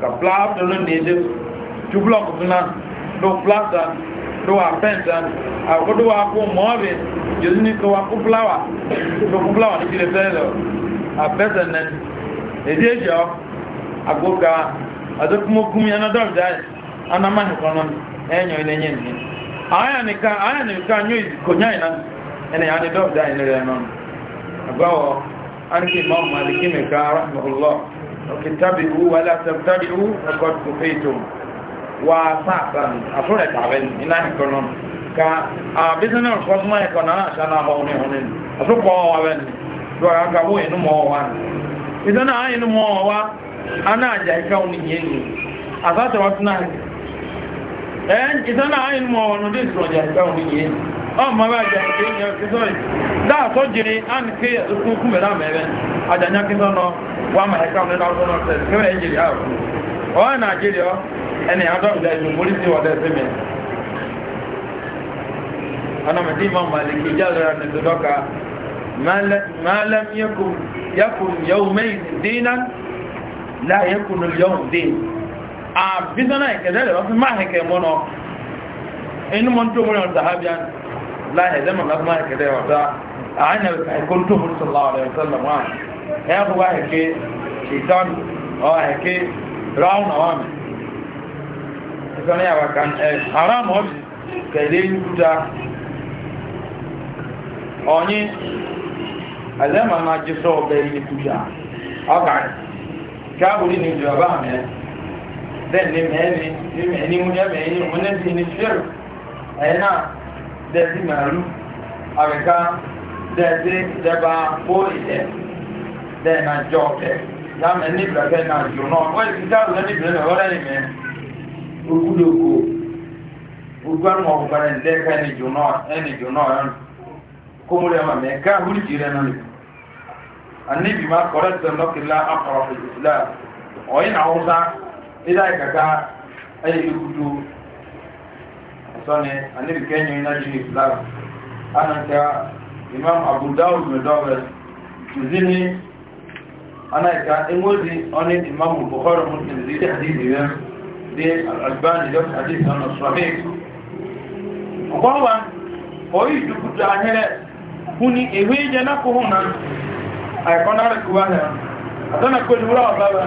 ka plásà ló ní ẹ̀dẹ́ tú blọ́ọ̀kù fún náà ló plásà ló wà pẹ́ǹtì àkókò ló wà kó mọ́ọ̀rì yóò ní kó wà kó fúláwà ló kó fúláwà ní kílẹ̀ fẹ́ẹ́ lọ àbẹ́sẹ̀ ẹ̀yàn aya nìkan aya nìkan yóò kònyá ìná ẹni àni dọ́ọ̀dá ìní rẹ̀ náà àgbáwọ̀ anìkí mọ́mù alìkí mẹ́ka rahimahullo kìtàbí wú wà látàbí wú ẹkọ́ tó fẹ́ tó wà sáàsàn àtúrẹ̀ tàbí iná ìkọ́nà ka a bísínà kọ́sùmá ìkọ́nà àṣánà ọ̀hún ìhún àtúkọ̀ ọ̀wẹ̀ ni lọ́ra ká wó inú mọ́ wa ìsánà inú mọ́ wa anáàjà ìkáwọn ìyẹn ni àtàtàwà tún náà ìsọ́nà àyìn mọ̀ ọ̀nà dé ìsọ̀jà ìgbàwọ̀ nìyẹ ọmọ bá jà ìgbé ìyẹn kìsọ́rì dáàtọ́ jìnrì án ké ẹkùnkùn mẹ́rà mẹ́rẹ́ àjànyá kìsọ́nà wà má ẹ̀ka ọ̀nà ìdáwọ̀ sọ́nà ọ̀sẹ̀ kẹwẹ́ ẹ̀jìrì ààrùn ọ̀hán nàìjíríà ẹni àdọ́gbẹ̀ ìlú polisi wà lẹ́sẹ̀ mi anamẹ̀tí mọ̀ màlìkì jálẹ̀rà nìtòdọ́ka mẹ́lẹ́m yẹkùn yẹkùn yẹwùmẹ́yìn abizana ikẹ̀dẹ́lẹ̀ e wọ́n fi máa hẹ̀kẹ̀ mọ́ nọ inú mọ́ tó múlẹ̀ ọ̀dá hábíà láhẹ̀dẹ́ mọ̀ láti máa hẹ̀kẹ̀dẹ́ ọ̀dá àánà ẹ̀kọ́ tó múlẹ̀ sọ̀lá ọ̀rẹ́ sọ̀lá wọn ẹ̀ kó wá hẹ̀kẹ́ ìdán ọ̀ hẹ̀kẹ́ ráùn àwọn mi ìsọ̀nà yàrá kan ẹ̀ e, ara mọ́ bí kẹ̀dẹ́ yúkúta ọ̀nyin alẹ́mà máa jẹ́ sọ́ ọ̀bẹ̀ yúkúta ọ̀gá káàbùrì ni ìjọba mi then nim ẹni nim ẹni mu yẹmẹ ẹni mu ne ti ni ṣẹlẹ ẹna dẹbi màálù àbíká dẹbi dẹba fóòlì dẹ dẹ na jọ dẹ yàmẹ ẹni bẹrẹ na jọ náà wọ́n ti dá lọ ní bẹrẹ ọ̀rẹ́ ni mẹ ogudoko ogun àwọn ọgbàrẹ ní dẹka ẹni jọ náà ẹni jọ náà ila kaka ayi kudu sani anibi kenyo ina jini islam anaka imam abu dawud medobe tuzini anaka ingozi oni imam bukhari muslim zidi hadithi ya di al-albani lewis hadithi ana sahih mbawa oyi dukutu ahere huni ewe jana kuhuna ayakona rekuwa hera atana kwenye ula wa baba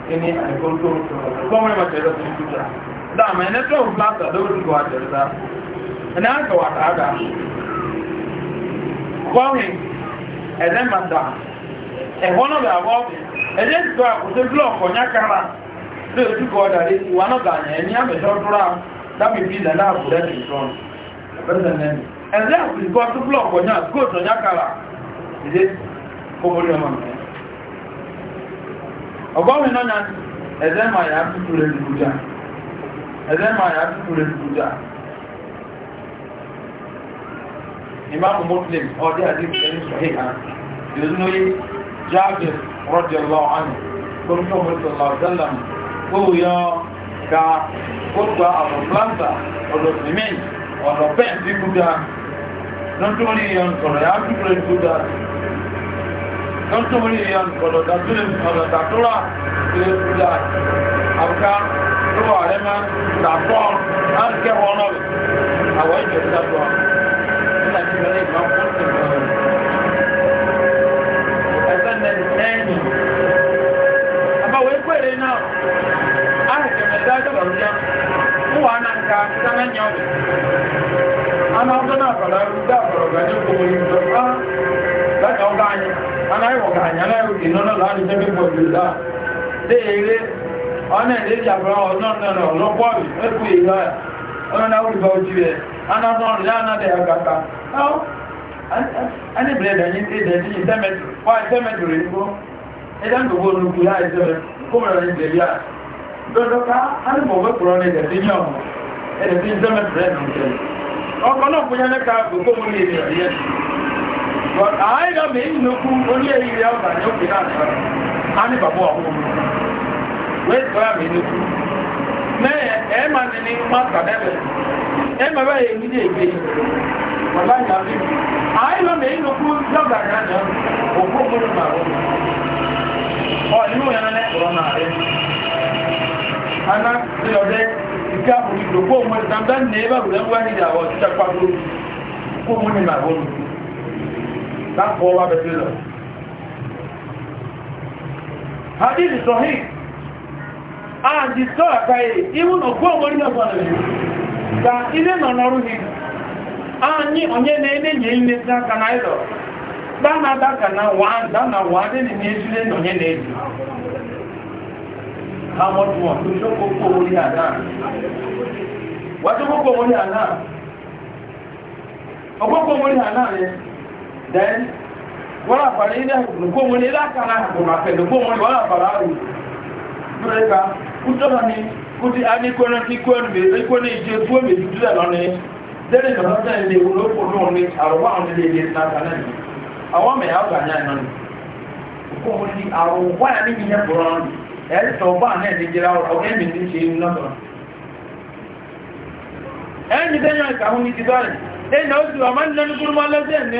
ini a control kuma mai mace da su tuta da mai na tsohon plasta da wurin kowa da rita na aka wata haka kwanwin ẹ̀dẹ́ mata ẹ̀họ́nà bẹ̀ àwọ́ ẹ̀dẹ́ ìgbà òṣè blọọkù ọ̀nyá kára lè ojú kọ ọ̀dàrí ìwà náà gànyẹ̀ ní àmẹ́sọ́ tóra dábì bí ilẹ̀ náà kùrẹ́ ní ìtọ́n ẹ̀dẹ́ àkùsìkọ́ tó blọọkù góòtù ọ̀nyá kára ìdẹ́ kọ́mọ́lẹ́mọ̀ mẹ́ ọgọ́rin náà ni ẹ̀zẹ́ máa yà á tútù rẹ̀ lùkúta ẹ̀zẹ́ máa yà á tútù rẹ̀ lùkúta ìmáàmù muslim ọdí àdíkù ẹni sọ̀hí kan yóò ní oyé jáàbìr rọ́dì ọlọ́wọ́ ánì kọ́ńtò mọ́tòlá ọ̀dọ́làm kóò yọ ká kókò àwọn planta ọ̀dọ̀ sìmẹ́ǹt ọ̀dọ̀ pẹ́ǹtì kúta lọ́tọ́rí yọ don tó wọlé yẹn ọ̀dọ̀dà tó lè ọ̀dọ̀dà tó rà lè kúlà àbúká tó wà rẹ̀ máa around the table for you that. Ṣé eré ọ̀nà ilé ìjàpá ọ̀nà ọ̀nà ọ̀lọ́pọ̀ mi ẹ̀kú ìlú ẹ̀ ọ̀nà náà wùdí bá ojú ẹ̀ anásán ọ̀rẹ́ anádẹ̀ àgbàkà. Ẹni bẹ̀rẹ̀ dẹ̀ yín ẹ̀dẹ̀ ní ìtẹ́mẹ̀tì wá ìtẹ́mẹ̀tì rẹ̀ nígbó. Ẹ̀dá ń gbogbo olùkú yá ìtẹ́mẹ̀tì kó mẹ́rẹ̀ ní ìbẹ̀rẹ̀ yá. Dọ́dọ́ká, a ní mọ̀ wẹ́kùrọ̀ ní ẹ̀dẹ̀ sí ní ọ̀mọ̀ ẹ̀dẹ̀ sí ìtẹ́mẹ̀tì rẹ̀ nù àìdá mi nnukwu onye eriri ọba ní oge na-asa a ní bàbá ọhụrụ wee tọọ ya mi nnukwu mee ẹ̀ẹ́mà ní ní mmasà dẹ́bẹ̀ ẹ̀ẹ́mà bá yẹ nídìí ègbé bàbá yà mí àìdá mi nnukwu dọ́gba ní àná òkú òkúrú mà ọ ọ inú yẹn ní ọ̀rọ̀ náà rẹ̀ ana ti ọ̀dẹ́ ìka òkú ìdòkó kó mú ní màbọ́ọ̀lù That's all I'm doing. Hadith is Sahih. And the story that even of one word of one of you, that even on our head, anyị onye na-enye ile n'aka na ịlọ dana daka na waa dana waa onye na-eji ha mọtụ ọ tụjọ koko ala wajọ koko ala ọkpọkọ then wọ́n àfàrí ní ẹ̀kùnkún wọn ni lákàrà àkùnmàkẹ̀lùkún wọn ni wọ́n àfàrà rù lóríka kútọ́nà ni kúti aníkọ́nà tí kọ́nà ìjẹ́ tó èmì ìjúlẹ̀ lọ́ni lẹ́rìn lọ́sẹ̀ ilé olóko lóhun ni àrùwá àwọn ilé ilé nàkàlẹ̀ ni àwọn mẹ̀ àwọn ni ni ni náà ó ti wà ní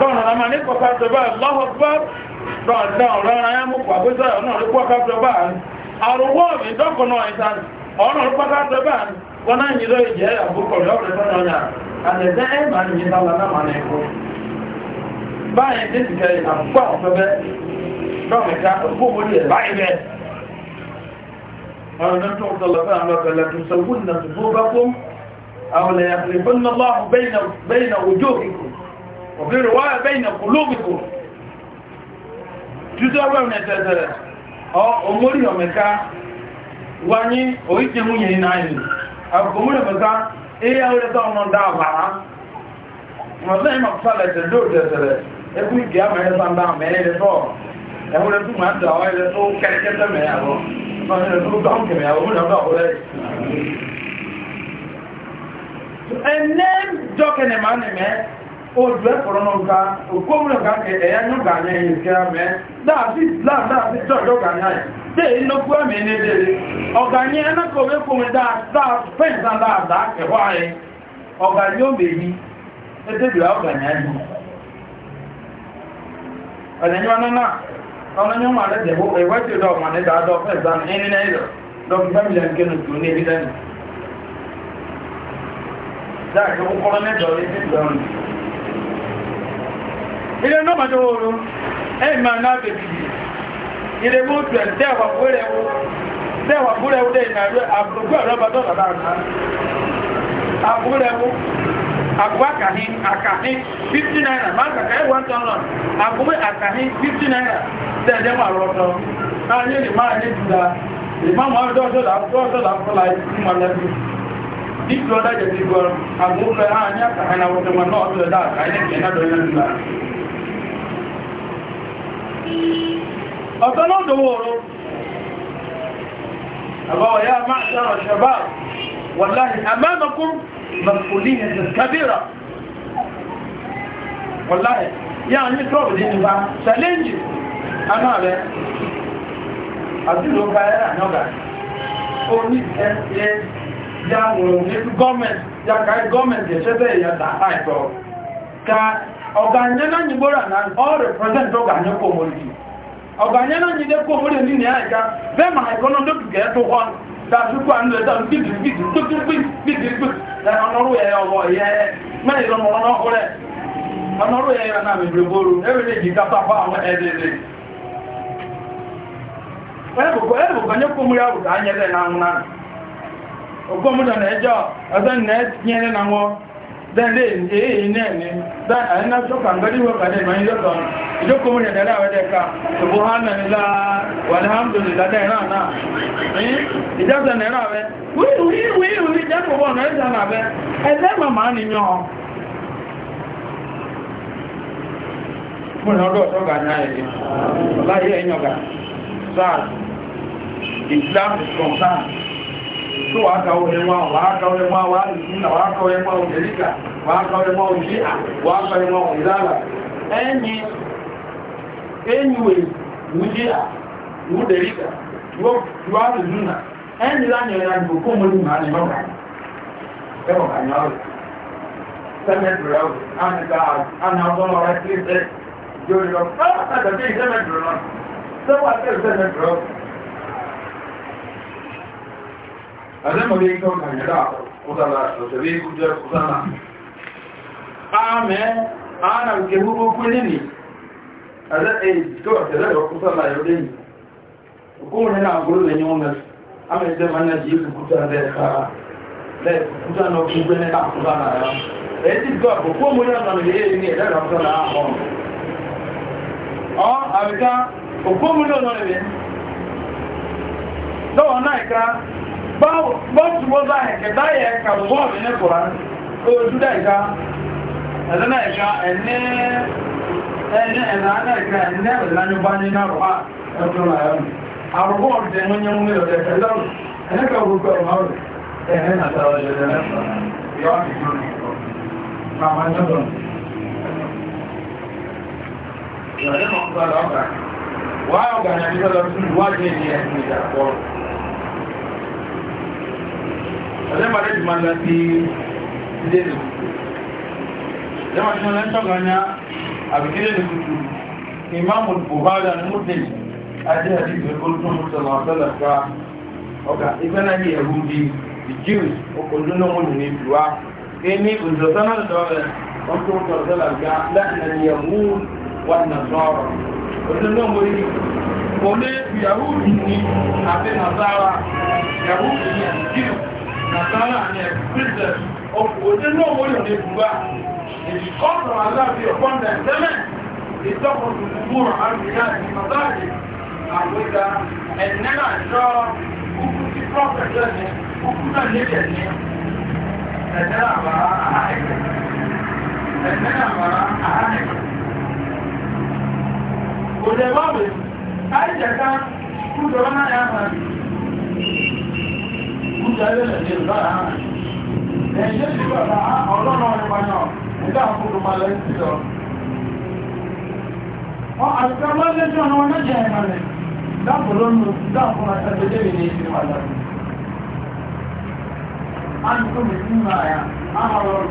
dọ́nà ọ̀nà ní pọ̀ká jọba lọ́họ̀gbọ́ dọ́nà ọ̀rọ̀ ayá mú pàgbésà ọ̀nà orí pọ̀ká jọba àrùwọ́ mi dọ́kùnà ìtàn ọ̀nà orí pọ̀ká jọba wọn náà yìí lóye jẹ́ àbúkọ̀rẹ́ ọ̀rẹ́ tọ́nà ọ̀nà àtẹ̀sẹ́ ẹ̀ máa ń yìí sálà náà máa ń ẹ̀kọ́ báyìí ti ti kẹrin àkókò àkọ́fẹ́fẹ́ dọ́mẹ̀ká òkú mórí ẹ̀ báyìí bẹ́ẹ̀ ọ̀rọ̀ náà tó ń sọ̀lọ̀ fẹ́ àwọn ọ̀fẹ́ lẹ́tùsọ̀gbọ́n náà tó bá fún àwọn ẹ̀yà pẹ̀lú bẹ́ẹ̀ náà ojú òkìkù وفي رواية بين قلوبكم تتوى من التزرة أو أموري ومكا واني ويتمون ينعين أو كمون مكا إيه أولا تعمل دعوة وزي مقصالة تدور تزرة يكون قيامة يسان دعم يعني لسوء يقول لكم أنت أولا لسوء كالكتا مياه واني لسوء دعم كمياه ومن أبدا أولا ẹnẹ́ jọ́kẹ́ ni máa nìmẹ́ ojú ẹ̀kọ̀rọ̀ náà ga òkúọ̀mù náà kàkẹ́ ẹ̀yà ní ọ̀gá ní ẹ̀yìn ìfẹ́ amẹ́ dáàbí islam dáàbí jọjọ ọ̀gá ní ayẹ̀ dé inokú ẹ̀mí ní dèrè ọ̀gá ní ẹnàkọ̀ òwe kùnmi dáadáa fẹ́ǹsán dáadáa kẹwàá ayẹ ọ̀gá ní ó mèyí ẹ̀dẹ́bìrì ọ̀gá ní ayé ọ̀nàyìn wọn náà ọ̀nàyìn wọn alẹ́ tẹ̀wọ́ ẹ̀wẹ́ tí ó dọ̀ ọ̀mà ní dáadáa fẹ́ǹsán ní ní náírà dọ́kítà mílíọ̀nù kẹ́nu tó ní ebi lẹ́nu dáàbí ó kọ́ ilé náà mọ́jọ́ oòrùn ẹ̀mà náà bèbì ilé mọ́tù ẹ̀ tẹ́wà fúrẹ́wú dé ìnàrí àgbògbò ọ̀rọ̀bàtọ̀ bàbá àgbà àfúrẹ́wú àgbò àkàní àkàní 50 naira máa kàkà ẹ̀wà ń tọ́nà àgbò àkàní 50 naira tẹ́ẹ̀dẹ́ máa rọ̀tọ̀ náà ní ìlú máa ní ìdúrà ìmáàmù ọjọ́ ọjọ́ làkọ́lá ìmọ̀lẹ́bí dípò ọdájẹ̀ ti gbọ́rọ̀ àgbò fẹ́ ọ̀tọ́ ló dòwò oró àbáwọ̀ yá máa ṣàrọ̀ ṣàbá wàláhì àmàmàkún mọ̀kùnlé ẹ̀sẹ̀ kábírà wàláhì yá ní tọ́ọ̀bù ní ìgbà ṣàlẹ́ǹjì aná rẹ̀ àti ló bá ọganye náà ní gbọ́rọ̀ náà all na e e ọ̀gànyẹ́ na mọ̀ lùdì ọ̀gànyẹ́ náà ní ndị mọ̀ lùdì ní àìká bẹ́ẹ̀ máa ẹ̀kọ́ náà lókè gẹ̀ẹ́ ya wọn dàdúgbò àánú ẹ̀dá bìtìbìtì na na dẹ́rẹ́ èyí náà ni àyíná ṣọ́kà gọ́dí wọ́n kàdé ìmọ̀ ìjọ́kọ̀ ìjọ́kọ̀ mú ìrẹ̀dẹ̀lá àwẹ́dẹ́ka ṣùgbọ́nàlá wàlhámdùlìlá dẹ́rẹ́ náà ìjọ́sẹ̀ nẹ́rẹ́ àwẹ́ wíwíwí jẹ́kọ̀ wọ́n rẹ̀ jẹ́ àwẹ́ ẹ̀lẹ́ màmá nìyàn mú ìrọ̀dọ̀ ṣọ́gà náà ẹ̀yẹ láyé ẹ̀yọ̀gà sáà ìsìláàmù kọ̀ọ̀sáà tó wàá kàwọ ẹmọ wàá kàwọ ẹmọ wàá ìsúnà wàá kàwọ ẹmọ òjèríkà wàá kàwọ ẹmọ òjìà wàá kàwọ ẹmọ òjìlára ẹni ẹniwè òjìà òjèríkà wàá ìsúnà ẹni lányẹrẹ àgbò kó mọ́ ní màá ní mọ́ta ẹwọ̀ kànyọ́rọ̀ sẹ́mẹ̀tìrẹ̀ àwọn ọ̀rẹ́ kí azẹ́mọ̀lẹ́ kan kàmẹ́lá kúsànà lọ̀tẹ̀lẹ́ kújẹ́ kúsànà ààmẹ́ ààrẹ òkè gbogbo kúrẹ́ nì azẹ́ èyí tó ọ̀tẹ̀lẹ́ lọ kúsànà yóò dé yìí òkúrùn nínú àgbòrò lẹ́yìn ọmọ amẹ́jẹ́ ma náà yìí kúkúta lẹ́ẹ̀kúta lọ́wọ́ náà ìká bọ́ọ̀tù wọ́n bá ẹ̀kẹ́ báyẹ̀ ẹ̀kà bọ́ọ̀lù ní kòrán ojú dẹ̀ka ẹ̀dẹ́nà ẹ̀ka ẹ̀ní ẹ̀nà ẹ̀ka ẹ̀ní ẹ̀lẹ́nàyọ́bá ní náà ẹ̀kùnrin àyọ́nù àrùgbọ́ ọ̀dẹ̀ wọ́n yẹ́ mú mẹ́lọ̀ ẹ̀kẹ́ lọ́rùn ẹ̀ẹ́kà gbogbo ọmọ rẹ̀ ẹ̀ẹ́ nàtàrà ẹ̀lẹ́nà ẹ̀kọ́ ọ̀lẹ́mà lè jùmọ̀ lọ sí ilé rẹ̀ lẹ́mà tí wọ́n lẹ́ sọ́gbà ní àbìkílẹ̀ rẹ̀ kùtù ìmáàmù buhari àti muslim ajé àti ìgbẹ̀kọ́lùtún mùsùlùmí ọ̀sọ́lá ká ọ̀gá ìfẹ́lẹ́ ní ẹ̀rù di the jews okòlùlọ́wọ́ ní ìlúwa ẹni ìjọsọ́nà lọ́rẹ̀ wọ́n tó tọ̀ ọ̀sọ́lá ká láti ẹni ẹ̀rù wà nà sọ́rọ̀ olùlọ́wọ́ yìí kò lè yahoo nàtàrà ní ẹ̀kùnfẹ́sẹ̀ ọkù òjé náà wọ́n yọ̀ ní bùbá èyí kọ́ọ̀tọ̀ aláàbí ọ̀pọ̀ ndẹ̀ẹ́sẹ́mẹ̀ ìtọ́kùnrin gbogbo àríyá ìfàdáàdì àwẹ́dá ẹ̀nẹ́nà ìṣọ́ kúkú sí prọ́fẹ̀tẹ̀ ní kúkú náà lẹ́yẹ̀ ní ẹ̀nẹ́nà àbára àáyẹ̀ ẹ̀nẹ́nà àbára àáyẹ̀ òdẹ̀wọ́wẹ̀ àìjẹ̀ká kújọ náà yà ìgbújẹ ẹlẹ́lẹ̀ ní ìbára hàn ẹ̀yẹ́ sí bàbá ọlọ́nà ìpanyà ẹ̀dá àkókò máa lẹ́yìn sí ọ. wọ́n àtìkà máa lẹ́jọ́ ọ̀nà ọ̀nẹ́jẹ̀ ìrìnàlẹ̀ dáàbò lónú dáàbò ẹgbẹ̀dẹ̀ ìrìn ìrìn wà lọ́rùn. a ń tó mi sí máa yà á lọ́rùn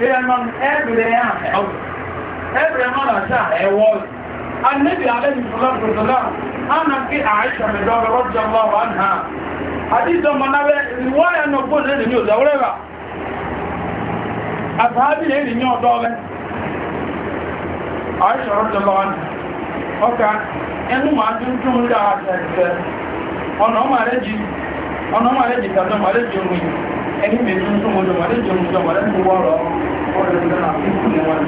النبي عليه الصلاة والسلام أنا في عائشة مدارة رضي الله عنها حديث ما نبي رواية نقول هذه نيوز أولئك أصحابي هذه نيوز دولة عائشة رضي الله عنها أوكي أنه ما أنتم تقول لها أنا ما أرجي أنا ما أرجي كذا ما أرجي ẹni mi tún tún mo jọmọ̀ lẹ́jọ́ mo jọmọ̀ lẹ́nu mo wọ́rọ̀ ọ̀rọ̀ ìlú náà fi kú ní wọn.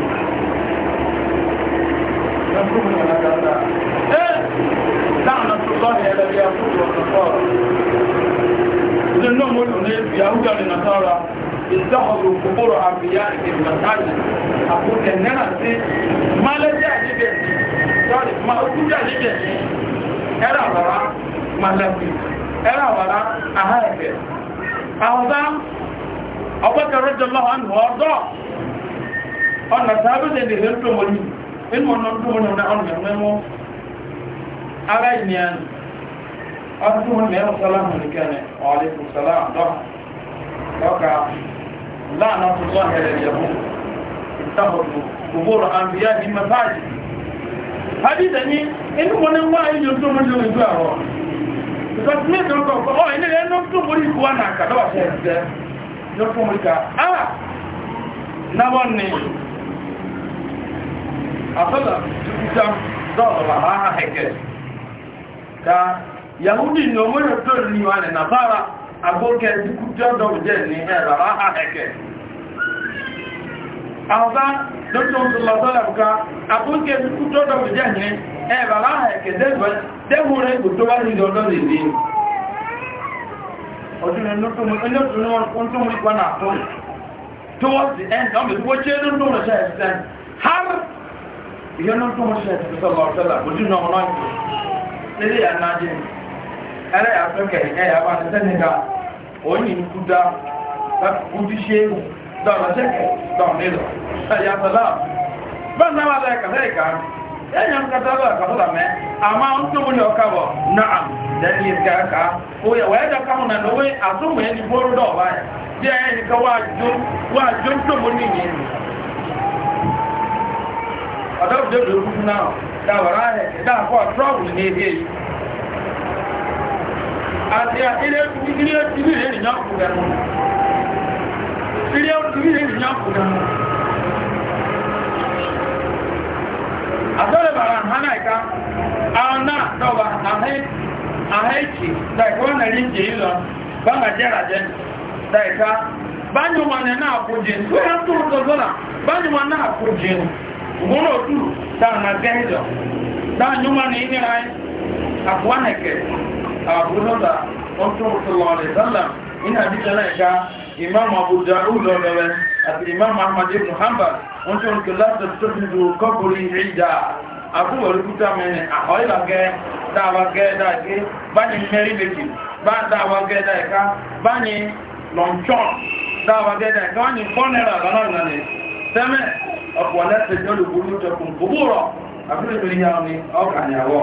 lọ́kùn mi wọn lára dáa. ẹ dáhùn náà tó sọ́ọ̀nì ẹ̀rọ bí akóso ọ̀sán fọ́ọ̀rọ̀. ilé náà mo lò ní ìyàwó jáde nà sára ìdáhọ̀rọ̀ kòkòrò àbíyá ìgbàsáàjì àkókè náà sí málẹ́jà níbẹ̀ sọ́ọ̀rì máa ó kújà níbẹ̀ ẹ̀rọ àwàrá máa lẹ́kùn àwọ̀dá ọgbẹ́kẹ̀ rọ́jọ́lọ́ ọ̀dọ́ ọ̀nà sábẹ́sẹ̀ lè rẹ̀ tómọ̀lì inú ọ̀nà tómọ̀lì ọ̀nà ọ̀nà mẹ́mọ́ ara ìnìyàn ọdún mẹ́rin sálámù nìkẹ́rẹ̀ ọ̀lẹ́kùn sálámù lọ́ka láàrín ọ̀tọ̀lọ́ ẹ̀rẹ̀ yẹ̀mú ìtàbọ̀tò gbogbo àmìyà ní mẹ́fàájì because me don talk oh ene le no to mori ku ana ka do ba se ah na won ni afala tuta do ba ha ha heke ka yahudi no to ni wa na bara agoke dikuta do je ni e ba ha heke àwọ̀bá lọ́tún lọ́tọ́lọ́pùká àkókè kútọ́dọ̀ jẹ́ ní ẹ̀bàbá ẹ̀kẹ́ dẹ́gbùnrin kò tó wá ní ìdọ́dọ́ lè dé ọdún ẹni tó mú ẹlẹ́tùnú ọdún tó mú ìpá náà tó towards the end ọmọ ìwọ́ jẹ́ lọ́dún rẹ̀ har ìyẹn lọ́dún mú ṣẹ́ ẹ̀sẹ̀ lọ́tọ́lá ojú náà wọ́n náà ilé ànájẹ́ ẹ̀rẹ́ àfẹ́kẹ̀ ẹ̀yà bá ti sẹ́nìkà òyìn kúdá dọ̀rọ̀ ṣẹ́kẹ̀ dọ̀rọ̀ nílò ẹ̀yàtọ̀lá bá ń náwà lẹ́ẹ̀kà lẹ́ẹ̀kà ẹ̀yà ń kàtà lọ àkàtọ̀lá mẹ́ àmá ń tó múlẹ̀ ọkàbọ̀ náà dẹ́ni ìkàkà oyè wẹ́ẹ̀dọ̀ kàmù nà lówé àtúnwẹ̀ ní bóró dọ̀ọ̀bá yẹn bí ẹ̀yà nìkan wà jó wà jó ń tó múlẹ̀ yẹn ọ̀dọ́ òdòdó kúkú náà dáwọ̀rá ẹ̀ dáàkọ́ trọ́ọ̀bù ní ilé yìí àti ilé ìrìn náà kúrẹ̀ nù ìrẹ́ orílẹ̀ ìyá òkúta mọ́ àtọ́lẹ̀ bàrà hánà ìka àwọn náà tọ́ba àhẹ́kì láìkọ́ nàrí jẹ́ ìlọ bá bà jẹ́ ràjẹ́ láìka báyọ̀wà náà kò jẹ́ wẹ́n tó rọ̀ tọ́lá báyọ̀wà náà kò jẹ́ ògbónà òtù táà nà gẹ́ ìlọ dáyọ̀wà ní ìrìn àyè àpò àhẹ́kẹ̀ àbúrò náà ọ̀tún òtù lọ́ọ̀lẹ̀ sálà ní àdíjẹ́ láìka imam abu da'ud lọ́rẹ̀ àti imam ahmad ibn hanbal wọ́n tí wọ́n kí láti tó fi dùn kọ́kùnrin ìjà àbúwọ̀rí kúta mẹ́rin àkọ́ìlà gẹ́ dáwà gẹ́ dáìké bá ní mẹ́rin bèkì bá dáwà gẹ́ dáìká bá ní lọ́nchọ́n dáwà gẹ́ dáìká wọ́n ní fọ́nẹ́rà lọ́nà tẹ́mẹ́ ọ̀pọ̀ lẹ́sẹ̀ jọ́lù burú jọkùn gbogbo àbúrò ìrìn àwọn ọkà ní àwọ̀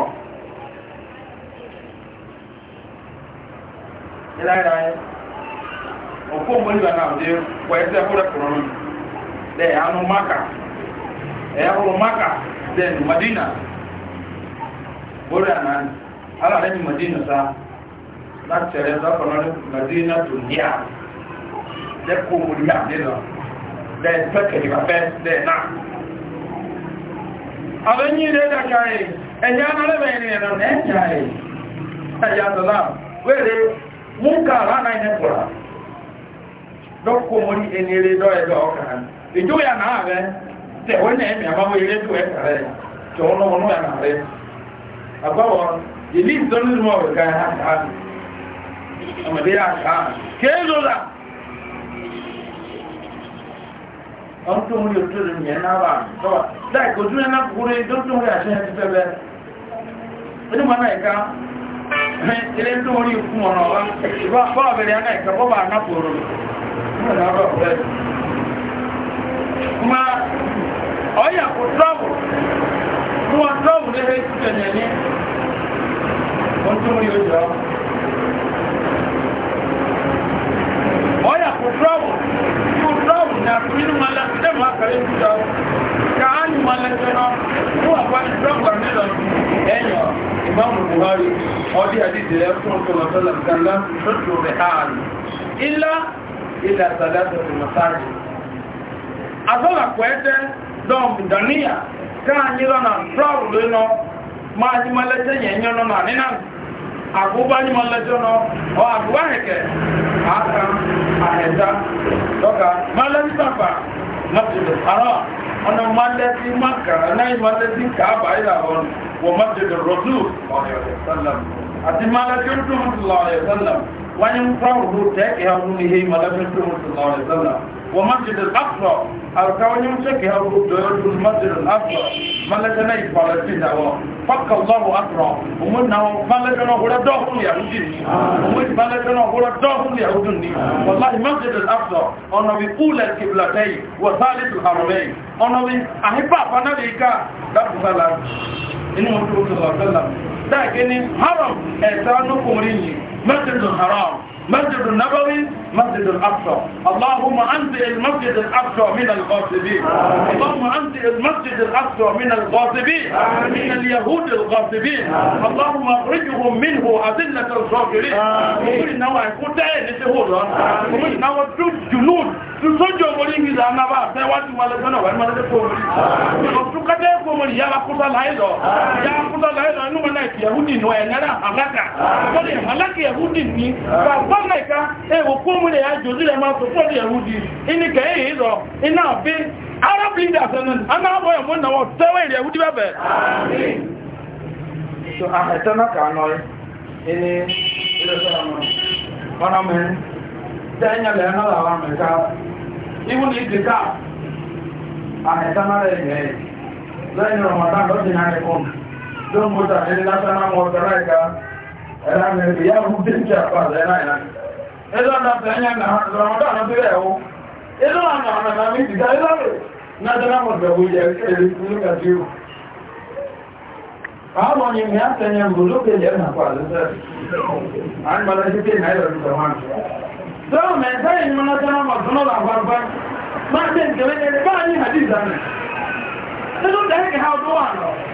ìlàìlàyé òkú òmòlì wà náà dé wọ ẹsẹ̀ fúrẹ́ kọ̀rọ̀ nù dẹ àánú maka ẹ̀hóró maka dẹ madina bórí àná alàlẹ́ ní madina sá láti tẹ̀lé lọ́kọ̀ọ́ ní madina tó níyà dẹ kó òmòlì wà nílọ dẹ pẹ́kẹ̀lì kàfẹ́ dẹ náà. àwọn yìí dẹ́ dàkà yìí ẹ̀yà alẹ́bẹ̀ẹ́ni ẹ̀rọ ẹ̀yà yìí ẹ̀yà sọ̀lá wẹ́rẹ́ mú kàrá náà ẹ̀ dɔkɔ mori enire dɔ yɛ dɔɔ kan idzo ya na abɛ tɛ o na ɛmɛ ama mo do yɛ kare tɛ o nɔmɔ n'oya na abɛ agbawɔ yeli zɔnu mu ɔbɛ ka ha ka amadi ya ka keezo la ɔn tó mo yɛ tó do nyɛ n'aba tɔba dai ko dunu ɛna kuru yi dɔn tó mo yɛ ahyɛ yɛ tɛ bɛ ɛni mo ana yɛ ka ɛn tó mo yɛ kum ɔnɔ wa ìfɔ abɛrɛ ana yɛ ka bɔba ana koro kuma ọ̀yà kò trọ́bù mú wọn trọ́bù lẹ́rẹ́ ìtìtẹ̀lẹ̀ ní wọ́n tó mú yóò jọ ọ̀yà kò trọ́bù kò trọ́bù ní àfihàn wọn láti dẹ́mọ̀ àkàrẹ́ ìjọ káàlù wọn lẹ́jọ́ náà fún àwọn ìtrọ́bù nílọ ẹ̀yọ̀ ìmáàmù buhari ilẹ̀ àtàlẹ́sọ̀ ìmọ̀sáàjì àtọ́làpẹ́ẹ́tẹ́ dọ̀mùdàníyà káàkiri lọ́nà bravo lónà máa jí máa lẹ́tẹ́ yẹn yẹn lọ́nà nínà àgbóbá ní máa lẹ́tẹ́ lọ́nà ọ àgbóbá hẹ̀kẹ́ àkà àhẹ̀dá lọ́kà máa lẹ́tẹ́ sàfà mọ́tìlẹ̀ àrọ́ ọ̀nà máa lẹ́tẹ́ máa kàrà náà máa lẹ́tẹ́ kàábà ìlà wọn wọ mọ́tìlẹ̀ rọ́dù ọ̀rẹ́ ọ̀rẹ́ sálàm àti máa lẹ́tẹ́ rọ́dù ọ̀rẹ́ wani mfaruhu ta yake haru ne hei malafin tuhun sallallahu alaihi wasallam wa masjid al-aqsa alka wani mutake haru da ya tun masjid al-aqsa malaka na ifalasi da wa fakka allahu akra umun na malaka na hura dohun yahudi ni umun malaka na hura dohun yahudi ni wallahi masjid al-aqsa ona bi kula al-kiblatai wa thalith al-haramai ona bi ahiba fana da ika da kusala inu mutum sallallahu alaihi wasallam da gani haram ẹ̀sánú yìí مسجد الحرام مسجد النبوي مسجد الأقصى اللهم أنت المسجد الأقصى من الغاصبين اللهم أنت المسجد الأقصى من الغاصبين من اليهود الغاصبين اللهم أخرجهم منه أذلة الظاهرين ومن نوع كتائن الشهود ومن نوع جنود تسجد mori اذا da na ba se وين wale تقول wa ma de ko mori o tu ka de ko mori ya la kusa la ido ya kusa yahudi ni bàbá mẹ́ka ẹ̀wò kó mú ya jòzí lè máa sọ́pọ̀ lè yahudi inú kẹ́yìn ìrọ̀ iná bí arab leaders ẹnu aná bọ́ ẹ̀mú náà wọ́n tẹ́wọ́ yahudi bẹ́ẹ̀ bẹ́ẹ̀. so àhẹ̀tẹ́ náà kà á nọ ẹni ilé mọ́ wọn náà ẹ̀rọ mẹ́rin ìyá ọmọ bí i àpá ẹ̀rọ ìlànà ẹ̀rọ ọ̀nà ẹ̀yẹn na ọ̀dọ́ ọ̀nà bí rẹ̀ ẹ̀wọ́ ẹ̀rọ ọ̀nà ọ̀nà na mí ìdíkà ẹ̀rọ rẹ̀ nájọ́nà mọ̀gbẹ̀wò yẹ ẹ̀rọ ìlúgbà tí ó àwọn ọ̀nà ìmì àtẹ̀yẹ mbòlókè yẹ nà pa àlùsẹ̀ àgbàlá sí pé náírà ló sọ wọn. sọ́wọ́ mẹ́ta yìí mọ́ nájọ́nà mọ̀gbọ́nà làgbàgbà máa ń tẹ̀ ń tẹ̀wé ẹ̀rẹ́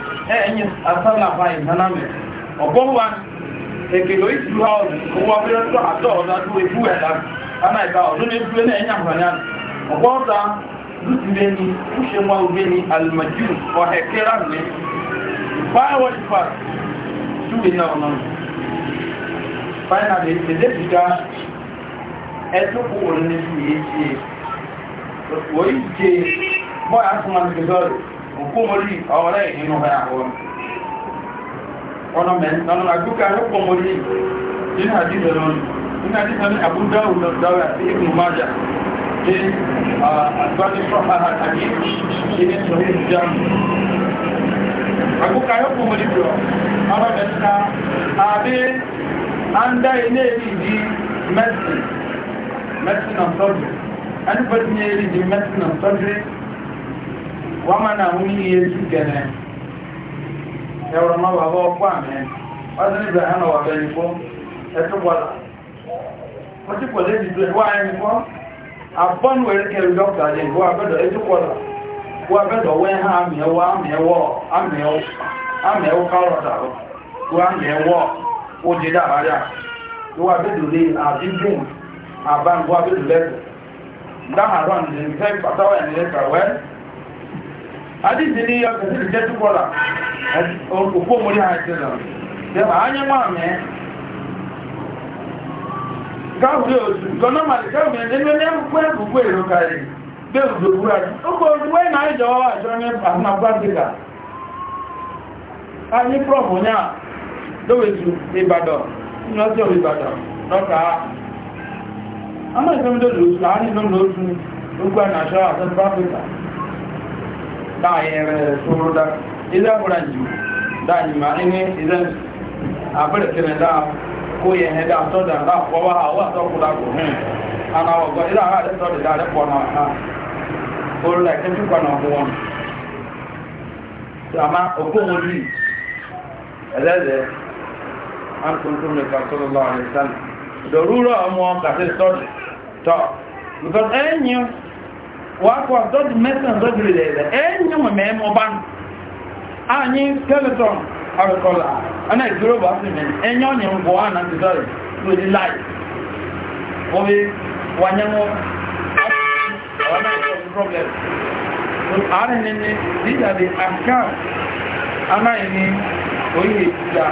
ẹ̀yìn asálàfà ìsánámẹ̀ ọ̀gbọ́n wa èkèlò ìtìlú àwọn owó abẹ́rẹ́ tó àjọ ọ̀dá tó ebú ẹ̀dá ana ìgbà ọdún ní ebúlé náà ẹ̀yìn àǹfààní àná ọ̀gbọ́n ta lùtìlẹ̀ ni ṣe wá ogé ni alìmọ̀jú ọ̀hẹ̀kẹ́rà ní báwọ̀lìfà túwé náà ọ̀nà finally ẹ̀dẹ́bìdá ẹ̀tọ́kù òun ní ìyẹ́ ṣe wọ́n yìí ṣe bọ́ọ̀ òkúmọ̀lì àwọn ọ̀rẹ́ ìdínú ọ̀rẹ́ àwọn ọ̀nà mẹ́rin lọ́nà àgbúkà òkúmọ̀lì nínú àdíjẹ̀ lọ́nà nínú àdíjẹ̀ ní àbúdá òun lọ́dáwà sí ibùn májà ní àgbájúṣọ́ àhàtàkì ní sọ̀rọ̀ ìjáàmù àgbúkà òkúmọ̀lì jọ ọ̀rọ̀ mẹ́ta àbí àndá ilé ìdí mẹ́sìn mẹ́sìn and surgery anybody near the medicine and surgery wamana nwunye ya ezukere ẹwọ̀rọ̀mọ́ bàbá ọkọ́ àmì ọdún ìbẹ̀ na wà bẹ̀rẹ̀ ìfọ́ ẹtùkwàlá wọ́n ti pọ̀lẹ̀ ìdìbò ẹ̀wọ́ àyẹni fọ́ àbọ́nù ẹ̀rẹ́kẹ̀rù dọ́kítà lè wọ́n abẹ́dọ̀ ẹtùkwàlá wọ́n abẹ́dọ̀ wẹ́ hàn àmì ẹwọ́ àmì ẹwọ́ àmì ẹwọ́ kárọ̀tà wọ́n àdìsí ní ọkọ̀ sí ìjẹ́ tó pọ̀lá òkú òmúrí àti ya yẹba ányẹ́ máa mẹ́ gáwùrí òtù gọ́nọ́màlì gáwùrí ẹ̀dẹ́gbẹ́ ní ẹ̀kú ẹ̀kú èrò na bẹ́ẹ̀ òdòwú a ní prọ́fù ní à lówèsù ìbàdàn ní ọjọ́ ìbàdàn lọ́kà dayere suru da idan buranji da ni ma ne idan abar kire da ko ye he da to da da ko wa ha wa to ku da ko he ana wa go ila ha da to da da ko na ha ko la tu ko na ko won ama o ko mo ri ala de an kuntum ne because any wakɔ dɔdi mɛsɛn dɔdi le lɛ ɛnyɛ mo mɛ mo ban anyi skeleton arikɔla ɛna ìdúró bá fi mɛ ɛnyɛ ɔnyɛ ŋgɔ ana ti sɔrɔ lórí láì wọ́n bí wanyɛ ŋɔ ɔna ìsɔrɔ problem ààrẹ nínú dídà di àká anáyé ní oyè ìjà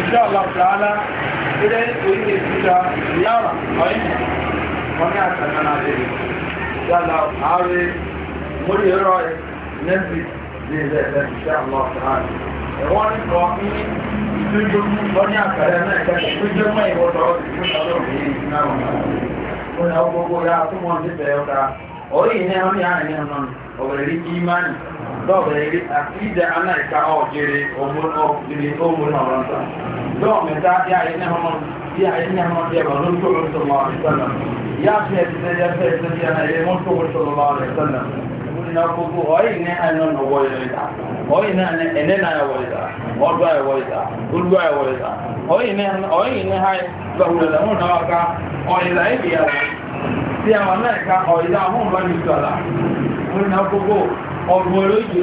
ìjà be ala ilé oyè ìjà yàrá ọyìn wọ́n ní àtàkùn náà lè yàrá àárẹ̀ mórí ẹ̀rọ ẹ̀ lẹ́bi ní ilẹ̀ ẹ̀sẹ̀ ṣe àwọn ọ̀sán ẹ̀wọ́n ní kọ́ ní ìdójókù wọ́n ní àkàrẹ̀ náà ẹ̀ka ìdójó mọ́ ìwọ́tọ̀ ọ̀sìn fún ọlọ́run yìí ní àwọn ọ̀nà gbogbo ya tó mọ̀ níbẹ̀ ọ̀dà orí ìní ọ̀nà ní àárín ọ̀nà ọ̀bẹ̀rẹ̀ rí kí ìmánì lọ́bẹ̀rẹ̀ rí àkídẹ̀ anáìka ọ̀jẹ̀rẹ̀ ọmọ náà ọ̀rọ̀ ìyá ẹ̀yìn àwọn ọmọdé ẹ̀rọ ló ń Ya lọ sọ̀rọ̀ àwọn ìsọ̀nà ìyá àti ẹ̀sìn ẹ̀yà fẹ́ ẹ̀sìn ẹ̀yà náà ẹ̀yẹ wọ́n tó lọ sọ̀rọ̀ àwọn ìsọ̀nà ìwúni gbogbo ọ̀yìn ní àná ọwọ́ ìrẹ̀ta ọ̀yìn náà ẹ̀nẹ́ náà ẹ̀wọ̀ ìta ọdún ẹ̀wọ̀ ìta olú ẹ̀wọ̀ ìta ọ̀yìn ní ha gbàgbọ́dọ̀ lẹ́hùn náà ká ọ̀yìnlá ìbí yàrá tí àwọn náà ká ọ̀yìnlá ọ̀hún bá ní ìtura ìwúni gbogbo ọ̀gbọ̀n lójú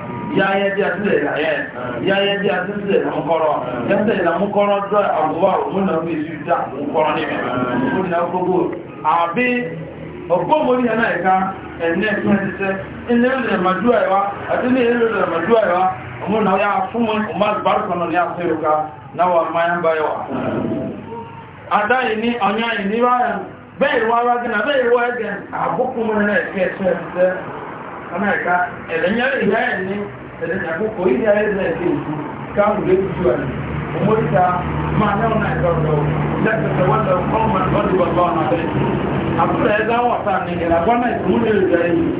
ya ya ji atule na ya ya ya ji atule na mukoro ya se na mukoro do agwa mu na mi su da mukoro ni me ko na gogo abi ogbo mori na eka enne kwese enne le madu ayo atule ele le madu ayo ah. mu na ya fumu umar barkono ya seruka na wa mayan bayo ah. ada ini anya ini wa bẹ́ẹ̀ ìwọ ara gẹ́nà bẹ́ẹ̀ ìwọ ẹgẹ́ àbúkù mọ́rin náà ẹ̀kẹ́ amẹ́ríkà ẹ̀lẹ́nyẹ́rẹ́ ìyá ẹ̀ ní ẹ̀lẹ́nyàkókò ìyá ẹ̀ lẹ́ẹ̀ sí ìsú káàkùn lé tuntun ẹ̀ ọmọ ìta máa náà náà ìgbàgbọ́ lẹ́sẹ̀sẹ̀ wọ́n lọ kọ́ ọmọ ìgbàgbọ́ ìgbàgbọ́ ọ̀nà bẹ́ẹ̀ àbúrò ẹ̀ dáwọ̀ sáà ní ìràgbọ́n náà ìgbàgbọ́ ìgbàgbọ́ ìgbàgbọ́ ìgbàgbọ́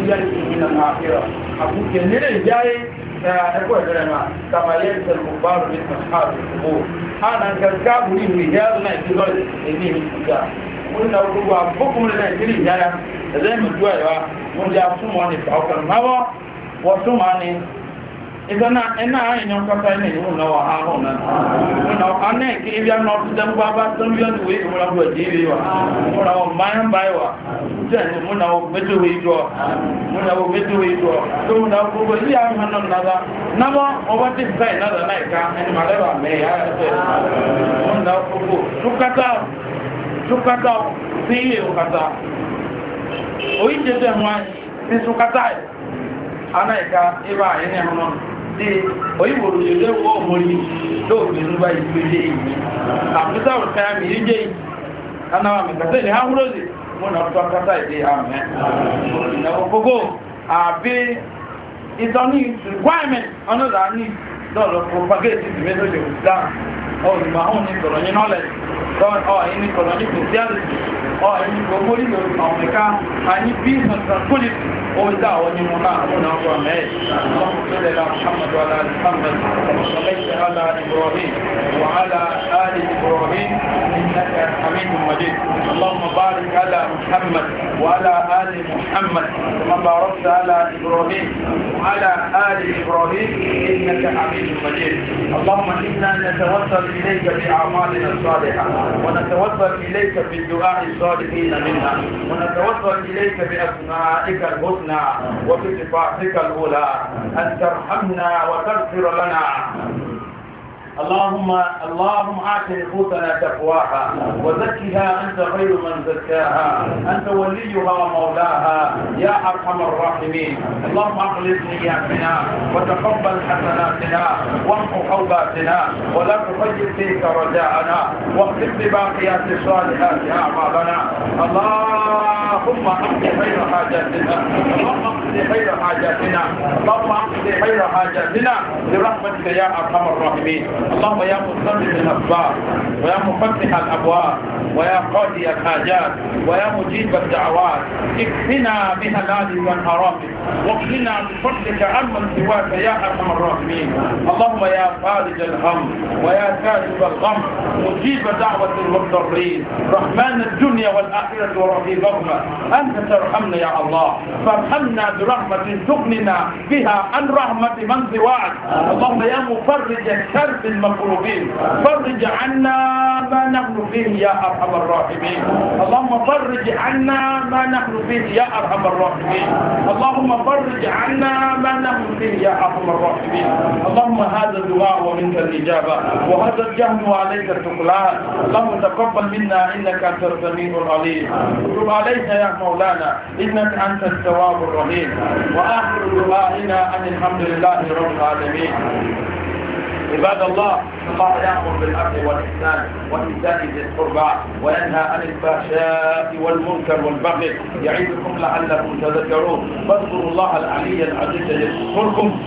ìgbàgbọ́ ìgbàgbọ́ ìgbàgbọ́ ẹ̀kọ́ ìbẹ̀rẹ̀ máa tàbàlẹ́ ìtẹ̀lùmọ̀bárùn-ún ní sàhárù ó hàn án gẹ̀gẹ́ mun na ruwa ko kuma na jiri yara da zai mu duwa yawa mun ja su mu ne faukan mawa wasu ma ne idan na ina ayi ne ka kai ne mun na wa ha ho na mun na an ne ki biya no dan ba ba san biya du mun na ruwa jiri wa mun na wa man bai wa dan mun na wa metu wi do mun na wa metu wi do to mun na ko ba iya mun na na da na ba o ba ti sai na da na ka ni ma da ba me ya mun na ko ko tukata sukata sí ilé òkata oyi jẹ bẹ wọn sí sukata yìí ana ìka ibà ẹni ẹ̀hún náà di oyi wòlò yẹlẹ wọ ọmọlẹ lóògbé nígbà yìí tó dé yìí àbúta òkè àmì yìí jẹ yìí ana wà mí kàtẹ́ ní ahúrò lè mo nà tó akata ìdí àmì ẹ̀ òkòkò àbí ìtọ́ni requirement ọ̀nà ìlànà dọ̀lọ̀ propagate de tó jẹ̀ òkúta ọ̀nà ìmọ̀ àwọn ìtọ̀rọ̀ yẹn nọ́lẹ̀ طبعا اه ان الكورنيك بتعمل ọ̀rẹ́ gbogbo nínú ọ̀mẹ́ká a ní bí ìsọ̀tàn fúnni ó ń dá àwọn nínú náà fún àwọn ọmọ ẹ̀ اللهم صل على محمد وعلى ال محمد وصليت على ابراهيم وعلى ال ابراهيم انك حميد مجيد اللهم بارك على محمد وعلى ال محمد كما باركت على ابراهيم وعلى ال ابراهيم انك حميد مجيد اللهم انا نتوسل اليك باعمالنا الصالحه ونتوسل اليك بالدعاء الصالح الصادقين منها ونتوسل إليك بأسمائك الحسنى وبصفاتك الأولى أن ترحمنا وتغفر لنا اللهم اللهم آت نفوسنا تقواها وزكها أنت خير من زكاها أنت وليها ومولاها يا أرحم الراحمين اللهم أخلص نياتنا وتقبل حسناتنا وامحو حوباتنا ولا تفجر فيك رجاءنا واختم بباقيات الصالحات أعمالنا اللهم أقضي خير حاجاتنا اللهم أقضي خير حاجاتنا اللهم أقضي خير حاجاتنا برحمتك يا أرحم الراحمين اللهم يا مصرف الأسباب ويا مفتح الأبواب ويا قاضي الحاجات ويا مجيب الدعوات اكفنا بهلال والحرام واكفنا بفضلك عمن سواك يا أرحم الراحمين اللهم يا فارج الهم ويا كاشف الغم مجيب دعوة المضطرين رحمن الدنيا والآخرة ورقيبهما أنت ترحمنا يا الله فارحمنا برحمة تغننا بها عن رحمة من سواك اللهم يا مفرج الكرب المكروبين فرج عنا ما نحن فيه يا أرحم الراحمين اللهم فرج عنا ما نحن فيه يا أرحم الراحمين اللهم فرج عنا ما نحن فيه يا أرحم الراحمين اللهم هذا الدعاء ومنك الإجابة وهذا الجهل عليك التقلان اللهم تقبل منا إنك أنت السميع العليم تب علينا يا مولانا إنك أنت التواب الرحيم وآخر دعائنا أن الحمد لله رب العالمين عباد الله الله يأمر بالأرض والإحسان والإنسان ذي القربى وينهى عن الفحشاء والمنكر والبغي يعيدكم لعلكم تذكرون فاذكروا الله العلي العزيز يذكركم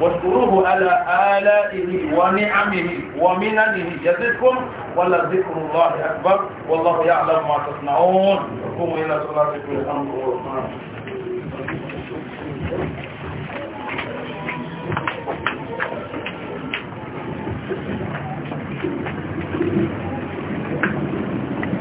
واذكروه على آلائه ونعمه ومننه يزدكم ولذكر الله أكبر والله يعلم ما تصنعون قوموا إلى صلاتكم الحمد لله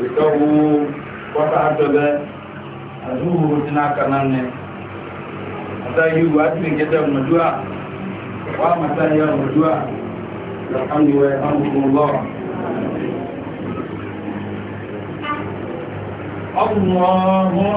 ìtọ́wò pọ́tà àtọ́bẹ́ àdúgbò tí náà kaná ní ọ̀tá yíò àtìrìkẹta mọ̀dúwà wà mọ̀tá yà mọ̀dúwà lọ́kànlúwẹ̀ ọmọkùnlọ́ ọmọ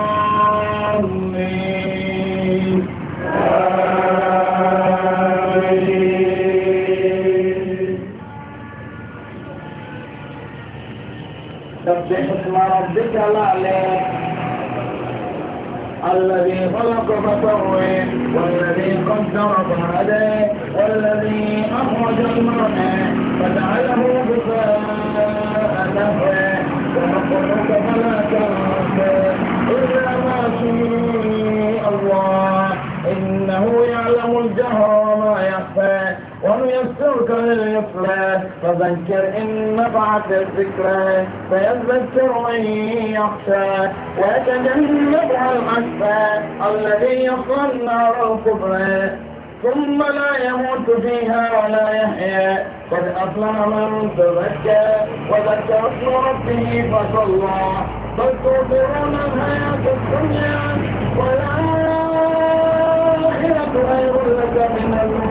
والذي قدر والذي أخرج فجعله فلا ما شاء الله إنه يعلم الجهر وما يخفى فذكر إن بعد الذكرى فيذكر من يخشى ويتجنبها الأشقى الذي يصلى الكبرى ثم لا يموت فيها ولا يحيا قد أفلح من تزكى وذكر اسم ربه فصلى بل تؤثرون الحياة الدنيا والآخرة خير لك من الموت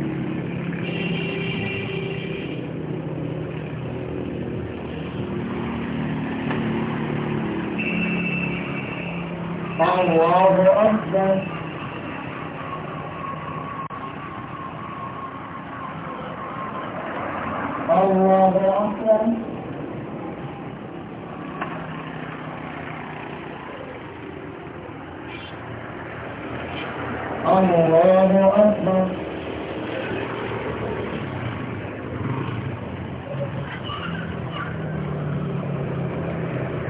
الله أكبر الله أكبر